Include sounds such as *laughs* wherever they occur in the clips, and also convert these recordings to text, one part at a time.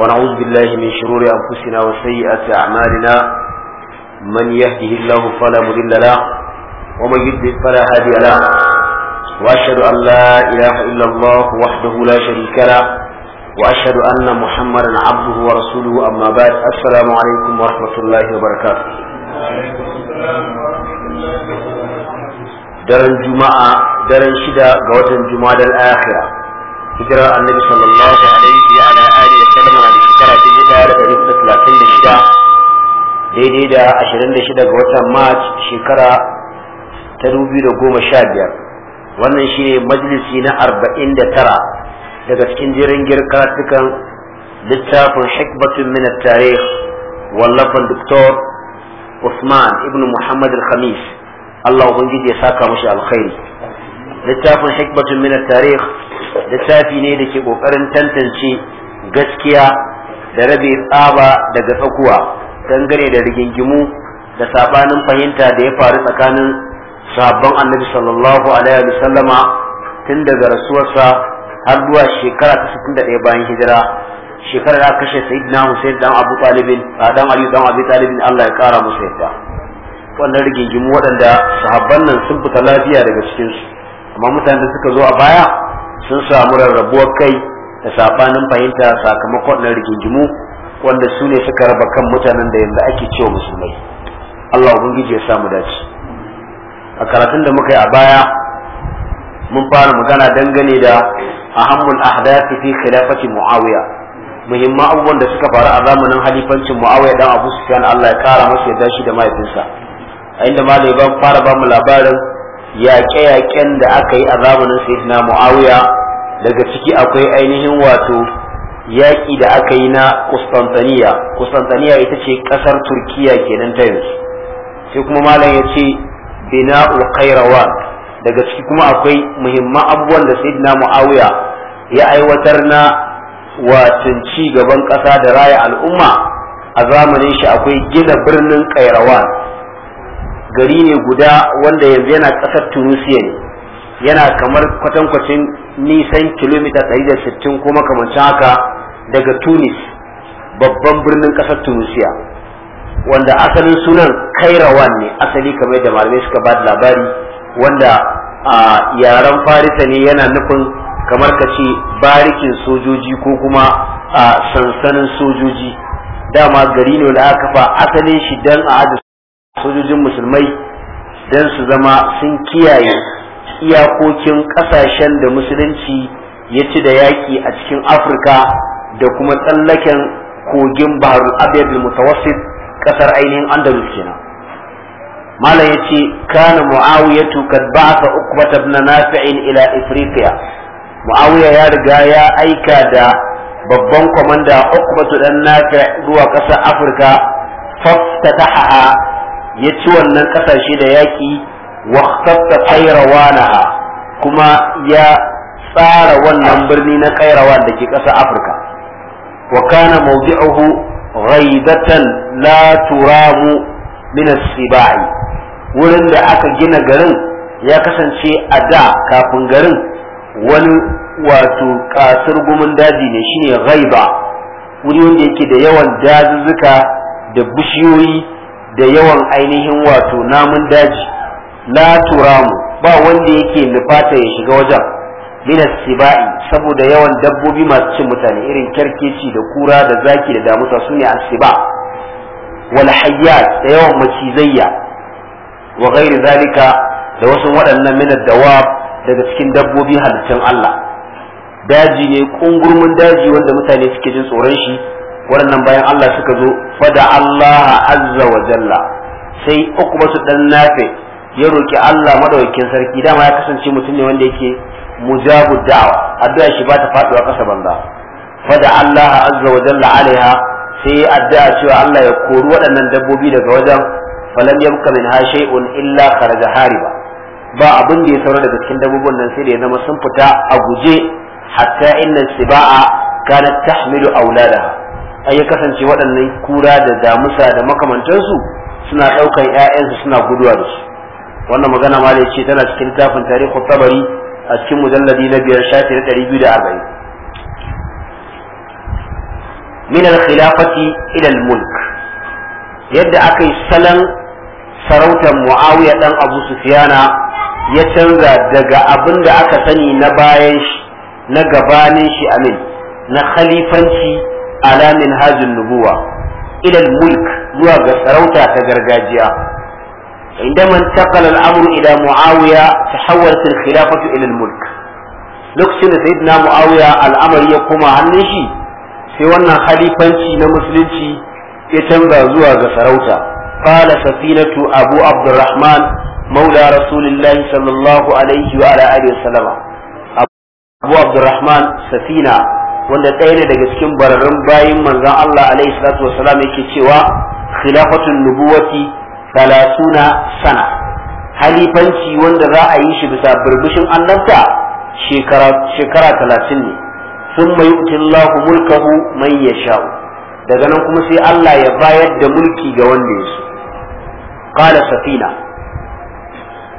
ونعوذ بالله من شرور أنفسنا وسيئات أعمالنا من يهده الله فلا مضل له ومن يضلل فلا هادي له وأشهد أن لا إله إلا الله وحده لا شريك له وأشهد أن محمدا عبده ورسوله أما بعد السلام عليكم ورحمة الله وبركاته daren juma'a daren shida ga watan juma'a dal akhira hijirar annabi sallallahu alaihi wa ala alihi wa sallam na shekara dubu ɗaya da ɗari hudu talatin da shida daidai da ashirin da shida ga watan march shekara ta dubu da goma sha biyar wannan shine ne na arba'in da tara daga cikin jirin karatukan littafin hikbatun min tarih wallafan doktor Usman ibn Muhammad khamis Allah ubangiji ya saka mashi alkhairi littafin hikbatun mina tarih littafi ne da ke ƙoƙarin tantance gaskiya da rabe tsaba daga tsakuwa dangane da rigingimu da sabanin fahimta da ya faru tsakanin sabon annabi sallallahu alaihi wa sallama tun daga rasuwarsa har zuwa shekara ta ɗaya bayan hijira shekarar da kashe sayyidina Hussein dan Abu Talib dan Ali dan Abi Talib Allah ya kara musu yadda wannan rigingimu waɗanda sahabban nan sun fita lafiya daga cikin su amma mutanen da suka zo a baya sun samu rarrabuwar kai da sabanin fahimta sakamakon na rigingimu wanda su ne suka raba kan mutanen da yanzu ake cewa musulmai Allah ubangiji ya samu dace a karatun da muka yi a baya mun fara magana dangane da ahammul ahdathi fi khilafati muawiya muhimman abubuwan da suka faru a zamanin halifancin muawiya dan abu sufyan Allah ya kara masa yadda shi da mahaifinsa a inda malai ban fara ba mu labarin yaƙe-yaƙen da aka yi a zamanin sayyidina muawiya daga ciki akwai ainihin wato yaƙi da aka yi na Kustantaniya Kustantaniya ita ce ƙasar Turkiya kenan ta yanzu sai kuma malam ya ce bina'ul khairawan daga ciki kuma akwai muhimman abubuwan da sayyidina muawiya ya aiwatar na watan ci gaban ƙasa da raya al'umma a zamanin shi akwai gina birnin kairawan gari ne guda wanda yanzu yana ƙasar tunisia ne yana kamar kwatankwacin nisan kilomita 160 ko makamancin haka daga tunis babban birnin ƙasar tunisia wanda asalin sunan kairawan ne asali kamar da malamai suka ba da labari wanda a yaren farisa ne yana nufin kamar ka ce barikin sojoji ko kuma a sansanin sojoji dama gari ne da aka kafa asalin shi dan a sojojin musulmai don su zama sun kiyaye iyakokin kasashen da musulunci ya ci da yaƙi a cikin afirka da kuma tsallaken kogin baharul abiyar mutawassit kasar ainihin andalus kenan malam ya ce kana mu'awiyatu kad ba'atha ukbat na nafi'in ila ifriqiya mu'awiya ya riga ya aika da babban kwamanda ukbatu dan nafi' zuwa kasar afirka fafta faftataha ya ci wannan ƙasashe da yaƙi waktatta naha, kuma ya tsara wannan birni na ƙairawa da ke ƙasa afirka wa kana mawdi'uhu ghaidatan la turamu min as-sibai wurin da aka gina garin ya kasance a da kafin garin wani wato kasar gumin daji ne shine ghaiba wuri wanda yake da yawan dazuzzuka da bishiyoyi da yawan ainihin wato namun daji la turamu ba wanda yake Nufata ya shiga wajen minas sibai saboda yawan dabbobi masu cin mutane irin kerkeci da kura da zaki da damusa sune asiba wal hayyat da yawan macizayya wa ghairi zalika da wasu waɗannan minas dawab daga cikin dabbobi halittun Allah daji ne kungurmin daji wanda mutane suke jin tsoron shi waɗannan bayan Allah suka zo fada Allah azza wa jalla sai ukbatu dan nafe ya roki Allah madaukakin sarki dama ya kasance mutum ne wanda yake mujabu A addu'a shi ba ta faduwa kasa banza fada Allah azza wa jalla alaiha sai addu'a cewa Allah ya kori waɗannan dabbobi daga wajen falam yabqa min ha shay'un illa kharaja hariba ba abin da ya saura daga cikin dabbobin nan sai da ya zama sun fita a guje hatta inna siba'a kanat tahmilu auladaha a ya kasance waɗannan kura da damusa da makamantansu suna ɗaukar ‘ya'yansu suna guduwa da su wannan magana ma ce tana cikin littafin tarihi tabari a cikin mujalladi na biyar shafi na ɗari biyu da arba'in min al-khilafati ila al-mulk yadda aka yi salon sarautar muawiya dan abu sufiyana ya canza daga abin da aka sani na bayan shi na gabanin shi amin na khalifanci ala minhajin nubuwa ilal mulk zuwa ga sarauta ta gargajiya عندما انتقل الأمر إلى معاوية تحولت الخلافة إلى الملك لكسن سيدنا معاوية الأمر يقوم عن نشي سيوانا خليفانشي نمسلنشي يتنبى زوا سروتا قال سفينة أبو عبد الرحمن مولى رسول الله صلى الله عليه وعلى آله وسلم أبو عبد الرحمن سفينة wanda ɗaya ne daga cikin bararrun bayin manzon Allah alaihi salatu salam yake cewa khilafatun nubuwati talatuna sana halifanci wanda za a yi shi bisa burbushin annabta shekara talatin ne sun mai utillahu mulkahu man ya sha'u daga nan kuma sai Allah ya bayar da mulki ga wanda ya qala safina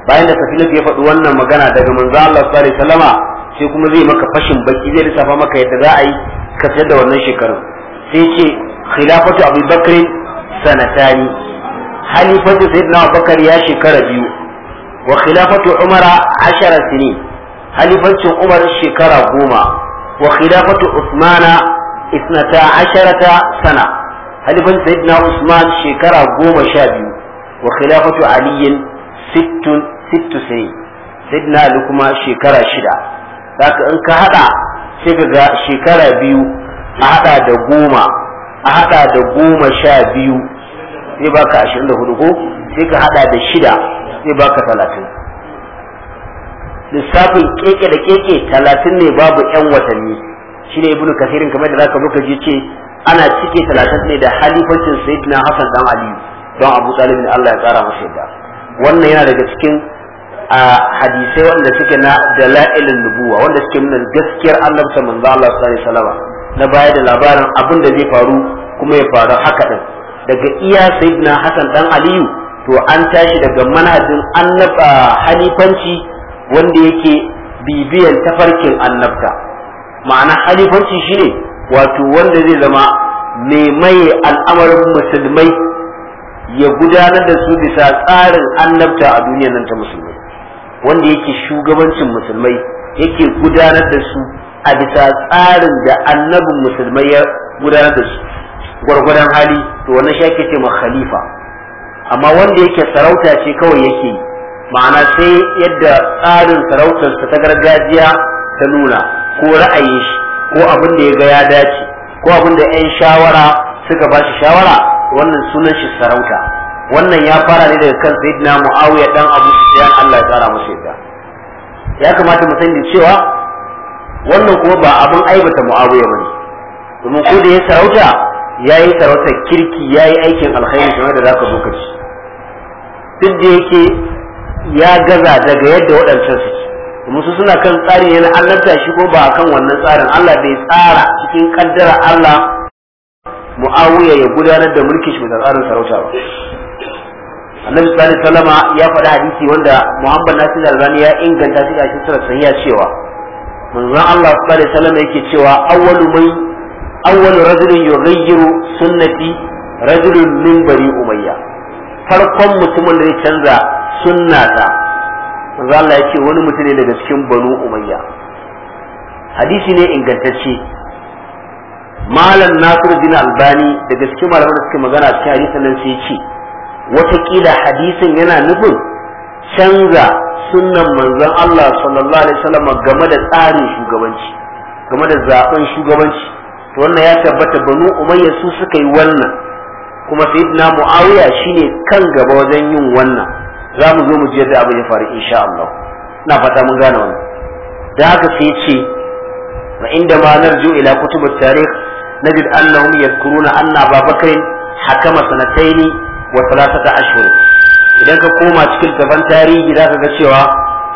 bayan da safina ya faɗi wannan magana daga manzan Allah sallallahu alaihi sai kuma zai maka fashin baki zai lissafa maka yadda za a yi ka sayar da wannan shekarun sai ce khilafatu abu bakr sanatani halifatu sayyidina Bakar ya shekara biyu wa khilafatu umara ashara sini halifancin umar shekara goma wa khilafatu usmana isnata asharata sana halifan sayyidina usman shekara goma sha biyu wa khilafatu aliyin sittun sittu sayyid sayyidina ali kuma shekara shida haka in ka hada sai ka ga shekara biyu a hada da goma a hada da goma sha biyu zai baka ashirin da hudu ko sai ka hada da shida zai baka talatin lissafin keke da keke talatin ne babu yan watanni shi ne ibnu kasirin kamar da zaka muka je ce ana cike talatin ne da halifancin sayyidina hasan dan aliyu don abu talib Allah ya tsara masa yadda wannan yana daga cikin a hadisai wanda suke na dalailin nubuwa wanda suke nuna gaskiyar annabta manzo Allah sallallahu alaihi wasallam na baya da labarin abin da zai faru kuma ya faru haka din daga iya sayyidina Hassan dan Aliyu to an tashi daga manhajin annaba halifanci wanda yake bibiyan tafarkin annabta ma'ana halifanci shine wato wanda zai zama mai maye al'amarin musulmai ya gudanar da su bisa tsarin annabta a duniyar nan ta musulmi wanda yake shugabancin musulmai yake gudanar da su a bisa tsarin da annabin musulmai ya gudanar da su gwargwadon hali to wannan shi ake ce khalifa amma wanda yake sarauta ce kawai yake ma'ana sai yadda tsarin sarautar sa ta gargajiya ta nuna ko ra'ayin shi ko abin da ya ga ya dace ko abin da 'yan shawara suka ba shi shawara wannan sunan shi sarauta wannan ya fara ne daga kan sayyidina muawiya dan abu sufyan Allah ya tsara masa yadda ya kamata mu sani cewa wannan kuma ba abin aibata muawiya bane domin ko da ya sarauta yayi yi sarautar kirki yayi aikin alkhairi kamar da zaka zo ka duk da yake ya gaza daga yadda waɗancan suke musu suna kan tsarin yana ta shi ko ba kan wannan tsarin Allah bai tsara cikin kaddara Allah Muawiya ya gudanar da mulki shi da tsarin sarauta ba annabi sallallahu alaihi wasallam ya faɗi hadisi wanda muhammad nasir albani ya inganta shi a cikin sahiha cewa manzon Allah sallallahu alaihi wasallam yake cewa awwalu mai awwalu rajulin yughayyiru sunnati rajulun min bari umayya farkon mutumin da ya canza sunnata manzon Allah yake wani mutum ne daga cikin banu umayya hadisi ne ingantacce malam nasir bin albani daga cikin malaman da suke magana cikin hadisin nan sai ce watakila hadisin yana nufin canza sunan manzon Allah sallallahu alaihi wasallam game da tsarin shugabanci game da zaben shugabanci to wannan ya tabbata banu umayya su suka yi wannan kuma sayyidina muawiya shine kan gaba wajen yin wannan za mu zo mu ji yadda abu ya faru insha Allah ina fata mun gane wannan da haka sai ce wa inda ma narju ila kutubut tarikh najid annahum yadhkuruna anna babakar hakama sanataini wa salatata ashhur idan ka koma cikin gaban tarihi zaka ga cewa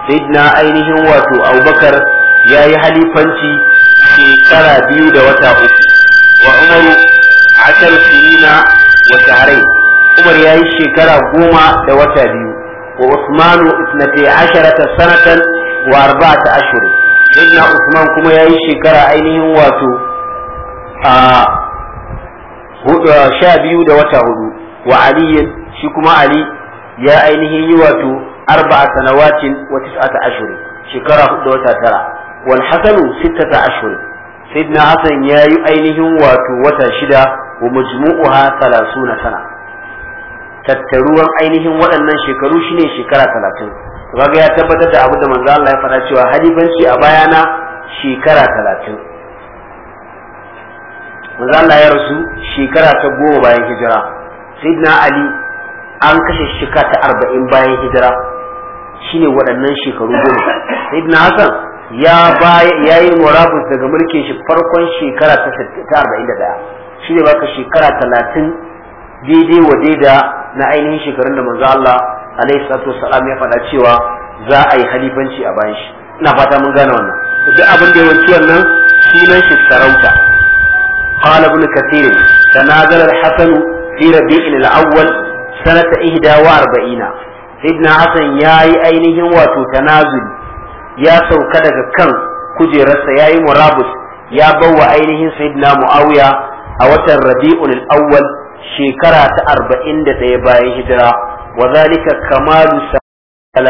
sayyidina ainihin wato Abubakar ya yi halifanci shekara biyu da wata uku wa Umaru ashar sinina wa shahrain Umar ya yi shekara goma da wata biyu wa Usmanu isnati asharata sanatan wa arba'ata ashhur sayyidina Usman kuma ya yi shekara ainihin wato a sha biyu da wata hudu wa aliyin shi kuma ali ya ainihin yi wato arba'a sanawacin wata tis'ata ashirin, shekara hudu da wata tara wal hasanu sittata ashirin. sayyidina hasan ya yi ainihin wato wata shida wa ha talasu na sana tattaruwan ainihin waɗannan shekaru shine shekara talatin, kaga ya tabbatar da abu da manzo Allah ya faɗa cewa halifanci a bayana shekara talatin, manzo Allah ya rasu shekara ta goma bayan hijira sayyidina ali an kashe shika ta arba'in bayan hijira shine waɗannan shekaru goma sayyidina hasan ya ya yi murabus daga mulkin shi farkon shekara ta arba'in da ɗaya shine baka shekara talatin daidai wa daida na ainihin shekarun da manzo Allah alaihi salatu wasalam ya faɗa cewa za a yi halifanci a bayan shi ina fata mun gane wannan duk abin da yawanci wannan sunan shi sarauta qala ibn kathir tanazala al-hasan fi rabi'in al-awwal sanata 41 sayyidina hasan yayi ainihin wato tanazul ya sauka daga kan kujerarsa ya yi murabus ya bawa ainihin sayyidina mu'auya a watan rabi'un al shekara ta 41 bayan hijira wa zalika kamalu na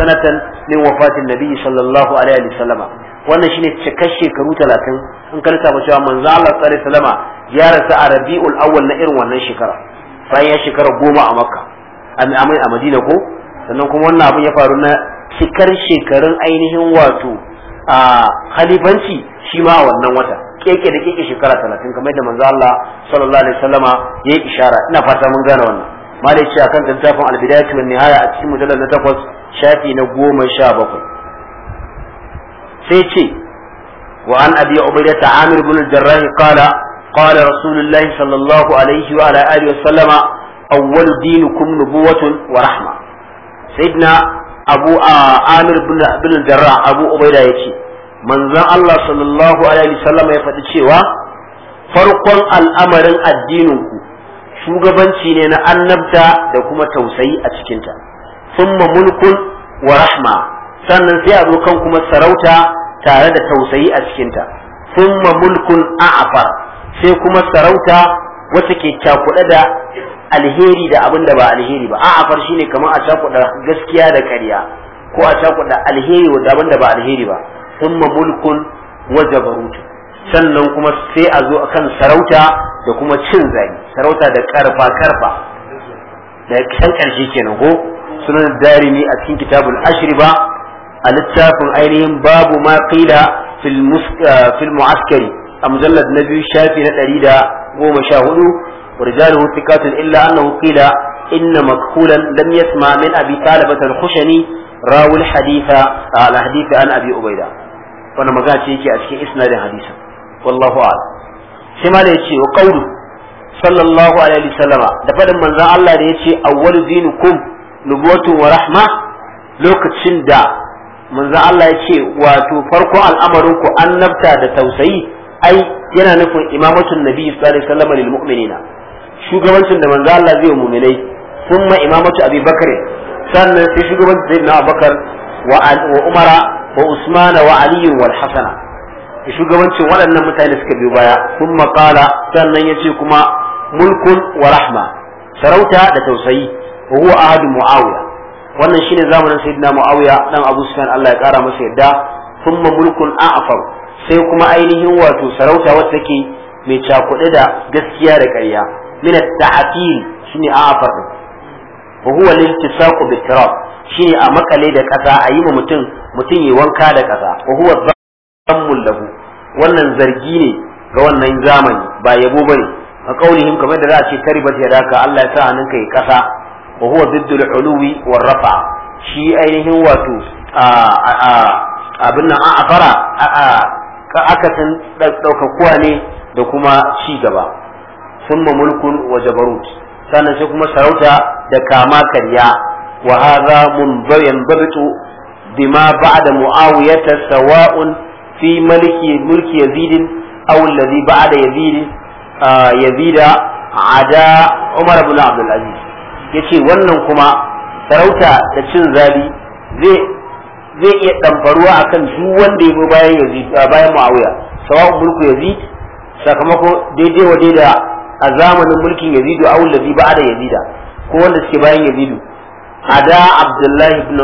sanatan min wafatin nabi sallallahu alaihi wasallama wannan shine cikar shekaru 30 in ka lissafa cewa manzo Allah sallallahu alaihi wasallama ya rasu a Rabiul Awwal na irin wannan shekara bayan ya goma a Makka amai a Madina ko sannan kuma wannan abin ya faru na cikar shekarun ainihin wato a khalifanci shima a wannan wata keke da keke shekara talatin, kamar yadda manzo sallallahu alaihi ya yi ishara ina fata mun gane wannan malai ce akan littafin albidayatu wan nihaya a cikin mujallar na takwas shafi na goma sha bakwai sai ce wa an abi ubaidata amir bin al-jarrah qala qala rasulullahi sallallahu alaihi wa ala alihi wa sallama awwal dinukum nubuwatun wa rahma sayyidina abu amir bin al-jarrah abu ubaida yace manzon Allah sallallahu alaihi wa sallama ya faɗi cewa farkon al'amarin addinin ku shugabanci ne na annabta da kuma tausayi a cikinta summa mulkun wa rahma sannan sai a zo kan kuma sarauta tare da tausayi a cikinta summa mulkun a'afar sai kuma sarauta wacce ke cakuɗa da alheri da abin da ba alheri ba a'afar shine kamar a cakuɗa gaskiya da ƙarya ko a cakuɗa alheri da abin da ba alheri ba summa mulkun wa sannan kuma sai a zo kan sarauta da kuma cin zagi sarauta da karfa karfa da can karshe kenan ko sunan darimi a cikin kitabul ba, a littafin ainihin babu ma qila fil eh, fil mu'askari a mujallad na biyu shafi na ɗari da goma sha hudu ورجاله ثقات إلا أنه قيل إن مكحولا لم يسمع من أبي طالبة الخشني راوي الحديث على حديث عن أبي أبيدة wannan magana ce yake a cikin isnadin hadisin wallahu a'lam da yace wa kaudu sallallahu alaihi wasallama da fadin manzon Allah da yace awwalu dinukum nubuwatu wa rahma lokacin da manzon Allah yace wato farko al'amarin ku annabta da tausayi ai yana nufin imamatun nabi sallallahu alaihi da manzon Allah zai mu'minai thumma imamatu abi bakr sannan sai shugabancin sayyidina Bakar wa umara wa usmana wa aliyu wal da shugabancin waɗannan mutane suka biyo baya sun maƙala sannan ya ce kuma mulkun wa rahma sarauta da tausayi wa huwa ahadu muawiya wannan shine zamanin sayyidina muawiya dan abu sufyan Allah ya kara masa yadda thumma mulkun a'far sai kuma ainihin wato sarauta wacce take mai cakude da gaskiya da ƙarya min at-ta'til shine a'far din wa huwa al-iltisaqu shine a makale da ƙasa a yi mutum mutum yi wanka da kasa wa huwa sammun lahu wannan zargi ne ga wannan zamani ba yabo bane a kaulihim kamar da za a ce taribat ya daka Allah ya sa hannunka ya kasa wa huwa diddul uluwi war rafa shi ainihin wato abin nan an afara akasin ɗaukakuwa ne da kuma ci gaba sun mulkun wa jabarut sannan sai kuma sarauta da kama karya wa hadha munbayan babitu bima ba'da muawiyata sawa'un fi maliki mulki yazidin aw allazi ba'da yazid ah, yazida ada umar ibn abdul aziz yace wannan kuma sarauta da cin zali zai zai iya damfaruwa akan duk wanda ya bayan yazid ah, bayan muawiya sawa'un mulku yazid sakamako daidai wa daida a zamanin mulkin yazidu aw allazi ba'da yazida ko wanda suke bayan yazidu ada abdullahi ibn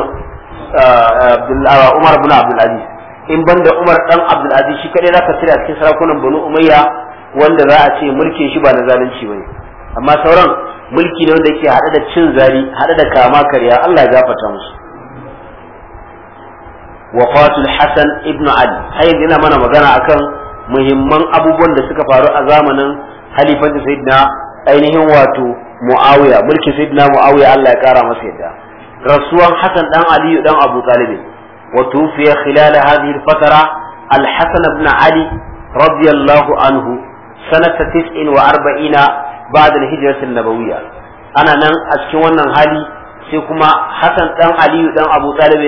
ah, umar ibn abdul aziz in ban da Umar dan Abdul Aziz shi kadai zaka cire a cikin sarakunan Banu Umayya wanda za a ce mulkin shi ba na zalunci ne. amma sauran mulki ne wanda yake hada da cin zari hada da kama karya Allah ya gafarta musu wafatul Hassan ibn Ali har na mana magana akan muhimman abubuwan da suka faru a zamanin halifan Sayyidina ainihin wato Muawiya mulkin Sayyidina Muawiya Allah ya kara masa yadda rasuwan Hassan dan Aliyu dan Abu Talib وتوفي خلال هذه الفترة الحسن بن علي رضي الله عنه سنة تسع وأربعين بعد الهجرة النبوية أنا نن أسكوانا هالي سيكما حسن دان علي دان أبو طالب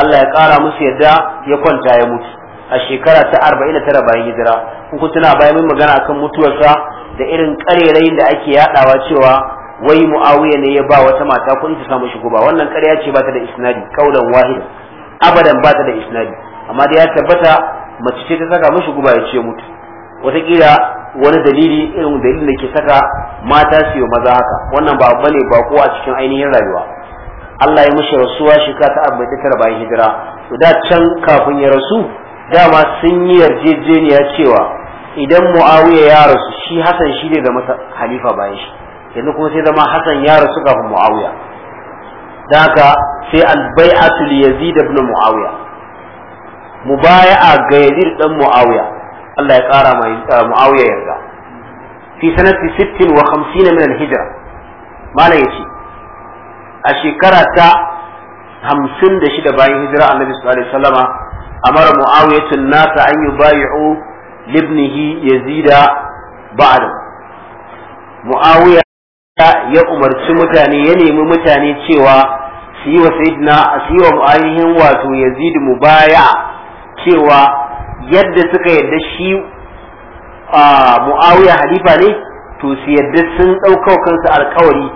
الله يقارى مسيدا يكون جاي موت الشكرة أربعين ترى باي هجرة وكنتنا باي من مغانا أكم متوسا da irin ƙarerayin da ake yaɗawa cewa wai mu'awiya ne ya ba wata mata kun ta samu shigo ba wannan ƙarya ce ba ta da isnadi kaulan wahid abadan ba ta da isnadi amma da ya tabbata mace ce ta saka mashi guba ya ce mutu wataƙila wani dalili irin dalilin da ke saka mata su yi maza haka wannan ba bane ko a cikin ainihin rayuwa Allah ya mishi rasuwa shekara ta arba'in da tara bayan hijira to da can kafin ya rasu dama sun yi yarjejeniya cewa idan Muawiya ya rasu shi Hassan shi ne da masa halifa bayan shi yanzu kuma sai zama Hassan ya rasu kafin Muawiya da haka sai albai'atul yazid ibn muawiya mubaya'a ga yazid dan muawiya Allah ya kara mai eh, muawiya yarda fi sanati 56 min al-hijra malam yace a shekara ta 56 bayan hijira annabi sallallahu alaihi wasallama amara muawiyatun nasa an yubayi'u libnihi yazida ba'da muawiya ya umarci mutane ya nemi mutane cewa su yi wa sayyidina su yi wa ainihin wato yazid mubaya cewa yadda suka yadda shi a muawiya halifa ne to su yadda sun ɗaukau kansu alkawari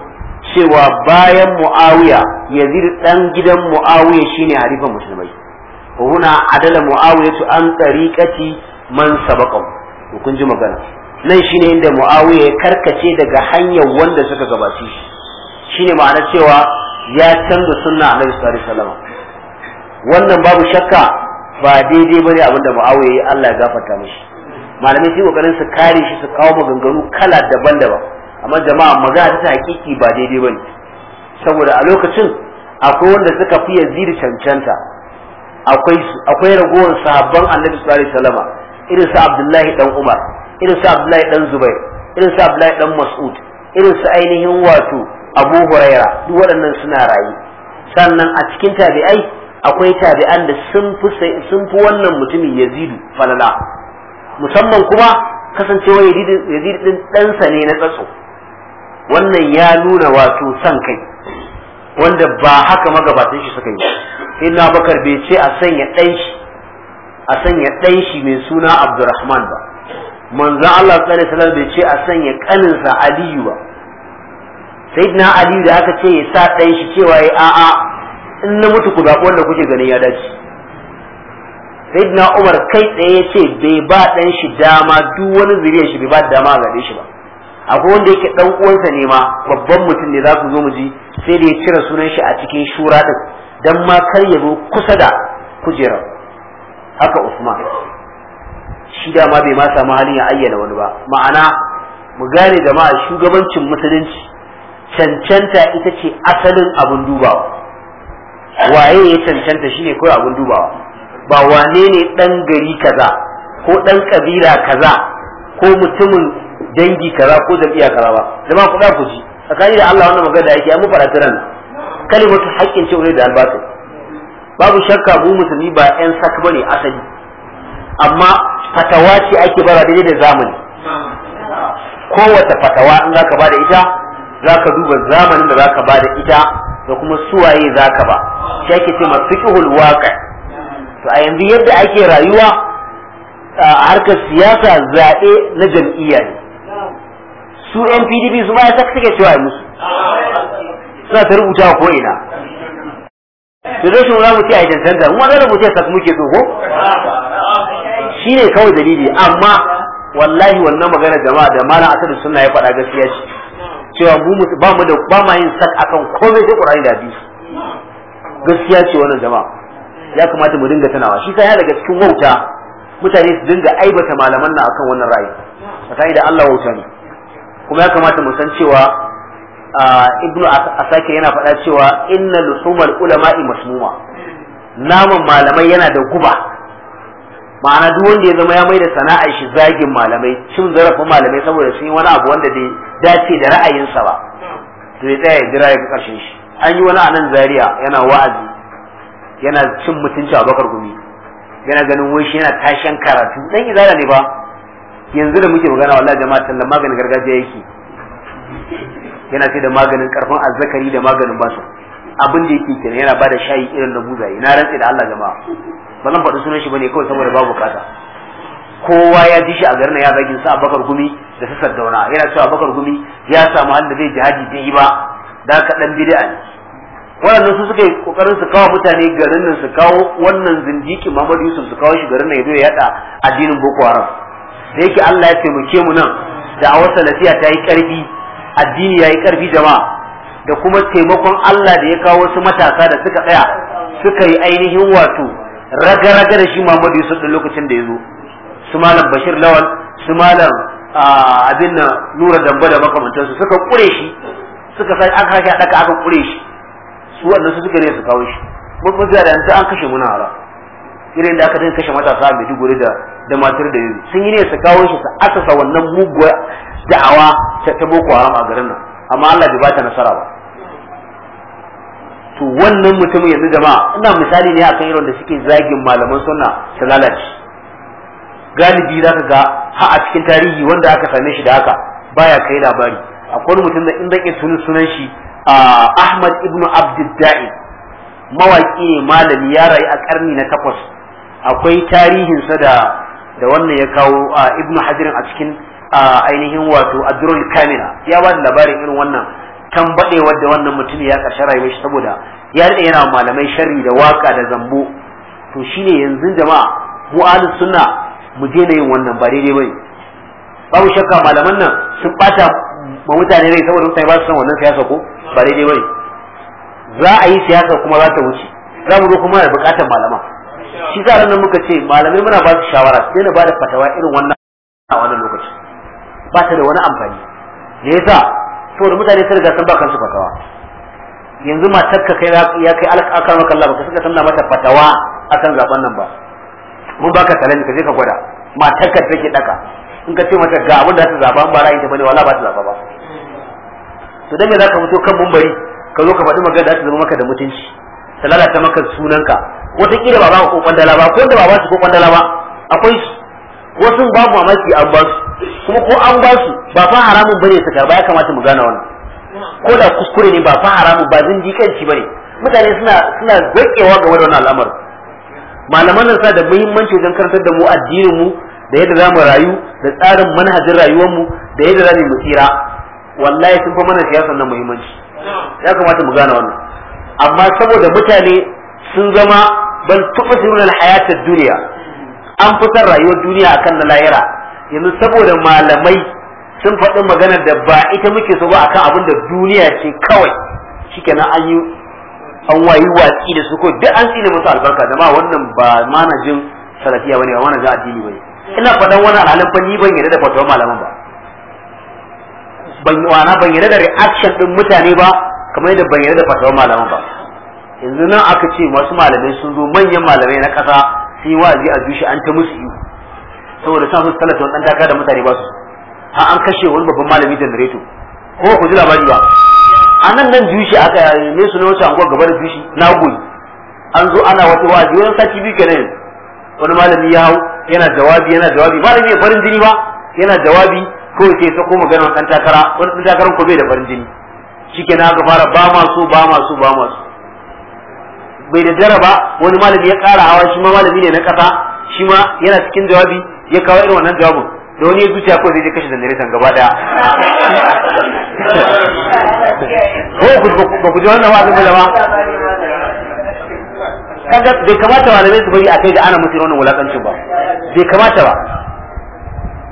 cewa bayan muawiya yazid ɗan gidan muawiya shine halifan musulmai huna adala muawiya su an tariqati man sabaqahu kun ji magana nan shine inda muawiya ya karkace daga hanyar wanda suka gabaci shi shine ma'ana cewa ya canza sunna annabi sallallahu alaihi wasallam wannan babu shakka ba daidai bane abin da Muawiya yi Allah ya gafarta mishi malamai sai kokarin su kare shi su kawo maganganu kala daban-daban amma jama'a magana ta hakiki ba daidai bane saboda a lokacin akwai wanda suka fi yazidi cancanta akwai ragowar sahabban annabi sallallahu alaihi wasallam irin su Abdullahi dan Umar irin su Abdullahi dan Zubair irin su Abdullahi dan Mas'ud irin su ainihin wato abu huraira duk waɗannan suna rayu sannan a cikin tabi'ai akwai tabi'an da sun fi wannan mutumin yazidu falala musamman kuma kasancewa yazidu ɗin ɗansa ne na tsatso wannan ya nuna wato san kai wanda ba haka magabatan shi suka yi inna bakar bai ce a sanya ɗan shi a sanya ɗan shi mai suna abdurrahman ba manzo allah sallallahu alaihi wasallam bai ce a sanya kaninsa aliyu ba sayyidina ali da aka ce ya sa ɗan shi cewa ya a'a in na mutu ku zaɓi wanda kuke ganin ya dace sayyidina umar kai tsaye ya ce bai ba ɗan shi dama duk wani zuriyar shi bai ba dama a dan shi ba akwai wanda yake dan uwansa ne ma babban mutum ne za ku zo mu ji sai da ya cire sunan shi a cikin shura din dan ma kar ya zo kusa da kujerar haka usman shi da ma bai ma samu halin ya ayyana wani ba ma'ana mu gane jama'a shugabancin musulunci cancanta ita ce asalin abun dubawa waye ya cancanta shine kawai abun dubawa ba wane ne dan gari kaza ko dan kabila kaza ko mutumin dangi kaza ko jam'iyya kaza ba zama ku da ku ji tsakani da Allah wannan magana yake an mu faratiran kalimatu haqqin ce ulai da albatin babu shakka mu musulmi ba yan sak bane asali amma fatawa ce ake bara daidai da zamani kowace fatawa in zaka bada ita za ka duba zamanin da za ka ba da ita da kuma suwaye za ka ba shi ake ce masu ƙihul waƙa to a yanzu yadda ake rayuwa a harkar siyasa zaɓe na jam'iyya ne su yan pdp su ba ya saka suke cewa musu suna ta rubuta ko ina to rashin rubuta a cancanta mu wani rubuta sa muke so ko shi ne kawai dalili amma wallahi wannan magana jama'a da malam asadu suna ya faɗa gaskiya ce cewa mu ba mu da ba ma yin sak akan komai sai Qur'ani da hadisi gaskiya ce wannan jama'a ya kamata mu dinga tunawa shi sai daga cikin wauta mutane su dinga aibata malaman nan akan wannan ra'ayi tsakani da Allah wauta ne kuma ya kamata mu san cewa ibnu asakir yana faɗa cewa inna lusumal ulama'i masmuma naman malamai yana da guba ma'ana duk wanda ya zama ya mai da sana'ar shi zagin malamai cin zarafin malamai saboda sun yi wani abu wanda bai dace da ra'ayinsa ba to ya tsaya ya jira ya karshen shi an yi wani anan zariya yana wa'azi yana cin mutunci bakar Gumi yana ganin wai shi yana tashin karatu dan izara ne ba yanzu da muke magana wallahi jama'a tallan maganin gargajiya yake yana sai da maganin karfin azzakari da maganin basu abin da yake kenan yana bada shayi irin da buzaye na rantsi da Allah jama'a ba zan faɗi sunan shi bane kawai saboda babu bukata kowa ya ji shi a garin ya zagin sa Abubakar Gumi da su Sardauna yana cewa Abubakar Gumi ya samu halin da zai jihadi bai yi ba da ka dan bid'a ne waɗannan su suka yi kokarin su kawo mutane garin nan su kawo wannan zindiki Muhammad Yusuf su kawo shi garin nan ya zo ya yada addinin Boko Haram da yake Allah ya taimake mu nan da a wasa lafiya ta yi karfi addini ya yi karfi jama'a da kuma taimakon Allah da ya kawo wasu matasa da suka tsaya suka yi ainihin wato raga-raga da shi Muhammadu Yusuf da lokacin da ya zo su malam Bashir Lawal su malam abin na Nura Damba da makamantansu suka kure shi suka sai aka haka daka aka kure shi su wannan su suka ne su kawo shi mun mun da yanzu an kashe muna ara irin da aka dinga kashe matasa a Maiduguri da da matar da yanzu sun yi ne su kawo shi su asasa wannan muguwar da'awa ta Boko Haram a garin nan amma Allah bai ba ta nasara ba to wannan mutumin yanzu jama'a ina misali ne akan irin da suke zagin malaman sunna su lalace galibi za ka ga ha a cikin tarihi wanda aka same shi da haka baya kai labari akwai mutum da in ke iya sunan shi Ahmad ibn Abdiddai mawaki ne malami ya rayu a karni na takwas akwai tarihinsa da da wannan ya kawo ibn Hajirin a cikin ainihin wato Adrul Kamila ya ba da labarin irin wannan tambaɗewar da wannan mutum ya ƙarshe rayuwar shi saboda ya daɗe yana malamai sharri da waka da zambo to shine yanzu jama'a mu ahlus sunna mu daina yin wannan ba daidai bai. babu shakka malaman nan sun bata ma mutane rai saboda mutane ba su san wannan siyasa ko ba daidai bai. za a yi siyasa kuma za ta wuce za mu zo kuma da bukatar malama shi sa nan muka ce malamai muna ba su shawara sai na ba da fatawa irin wannan a wannan lokaci ba ta da wani amfani me yasa da mutane sun riga sun ba kansu fatawa yanzu matar ka kai ya kai akan maka Allah baka suka sanna mata fatawa akan zaben nan ba mun baka talani ka je ka gwada matar ka take daka in ka ce mata ga abin da ta zaba ba ra'ayin ta bane wala ba ta zaba ba to dan me zaka fito kan mumbari ka zo ka faɗi magana da ta zama maka da mutunci ta lalata maka sunanka wataƙila ba ba ko kwandala ba ko da ba ba su ko kwandala ba akwai wasu babu mamaki an ba su kuma ko an ba su ba fa haramun bane su karba ya kamata mu gane wannan ko da kuskure ne ba fa haramun ba zindiƙanci bane mutane suna suna zakewa game da wannan al'amarin malaman nan sa da muhimmanci wajen karantar da mu addinin mu da yadda zamu rayu da tsarin manhajin rayuwar mu da yadda zamu mu tsira wallahi sun fa mana siyasa nan muhimmanci ya kamata mu gane wannan amma saboda mutane sun zama bal tufsiruna al-hayata ad-dunya an fitar rayuwar duniya akan na lahira yanzu saboda malamai sun faɗi magana da ba ita muke so ba akan abin da duniya ce kawai shikenan an yi an wayi watsi da su ko duk an tsine musu albarka da ma wannan ba manajin salafiya bane ba manajin addini bane ina faɗan wani alhalin fanni ni ban yarda da fatawar malaman ba ban wana ban yarda da reaction din mutane ba kamar yadda ban yarda da fatawar malaman ba yanzu nan aka ce masu malamai sun zo manyan malamai na ƙasa sun yi wa'azi a zuci an ta musu saboda sa su talata wannan daga da mutane ba su ha an kashe wani babban malami generator ko ku ji labari ba a nan nan jushi aka ne su ne wacce an gaba da jushi na goyi an zo ana wata waje. wani sati biyu kenan wani malami ya hau yana jawabi yana jawabi malami ya farin jini ba yana jawabi ko sai sako magana wani takara wani dan takaran ko bai da farin jini shikenan aka fara ba ma ba ma ba ma bai da jaraba wani malami ya kara hawa shi ma malami ne na ƙasa shi ma yana cikin jawabi ya kawo irin wannan jawabin da wani ya zuciya ko zai je kashe san gaba daya ko ba ku ji wannan wa'azin ba jama'a kaga bai kamata malamai su bari a kai da ana musu wannan wulakancin ba bai kamata ba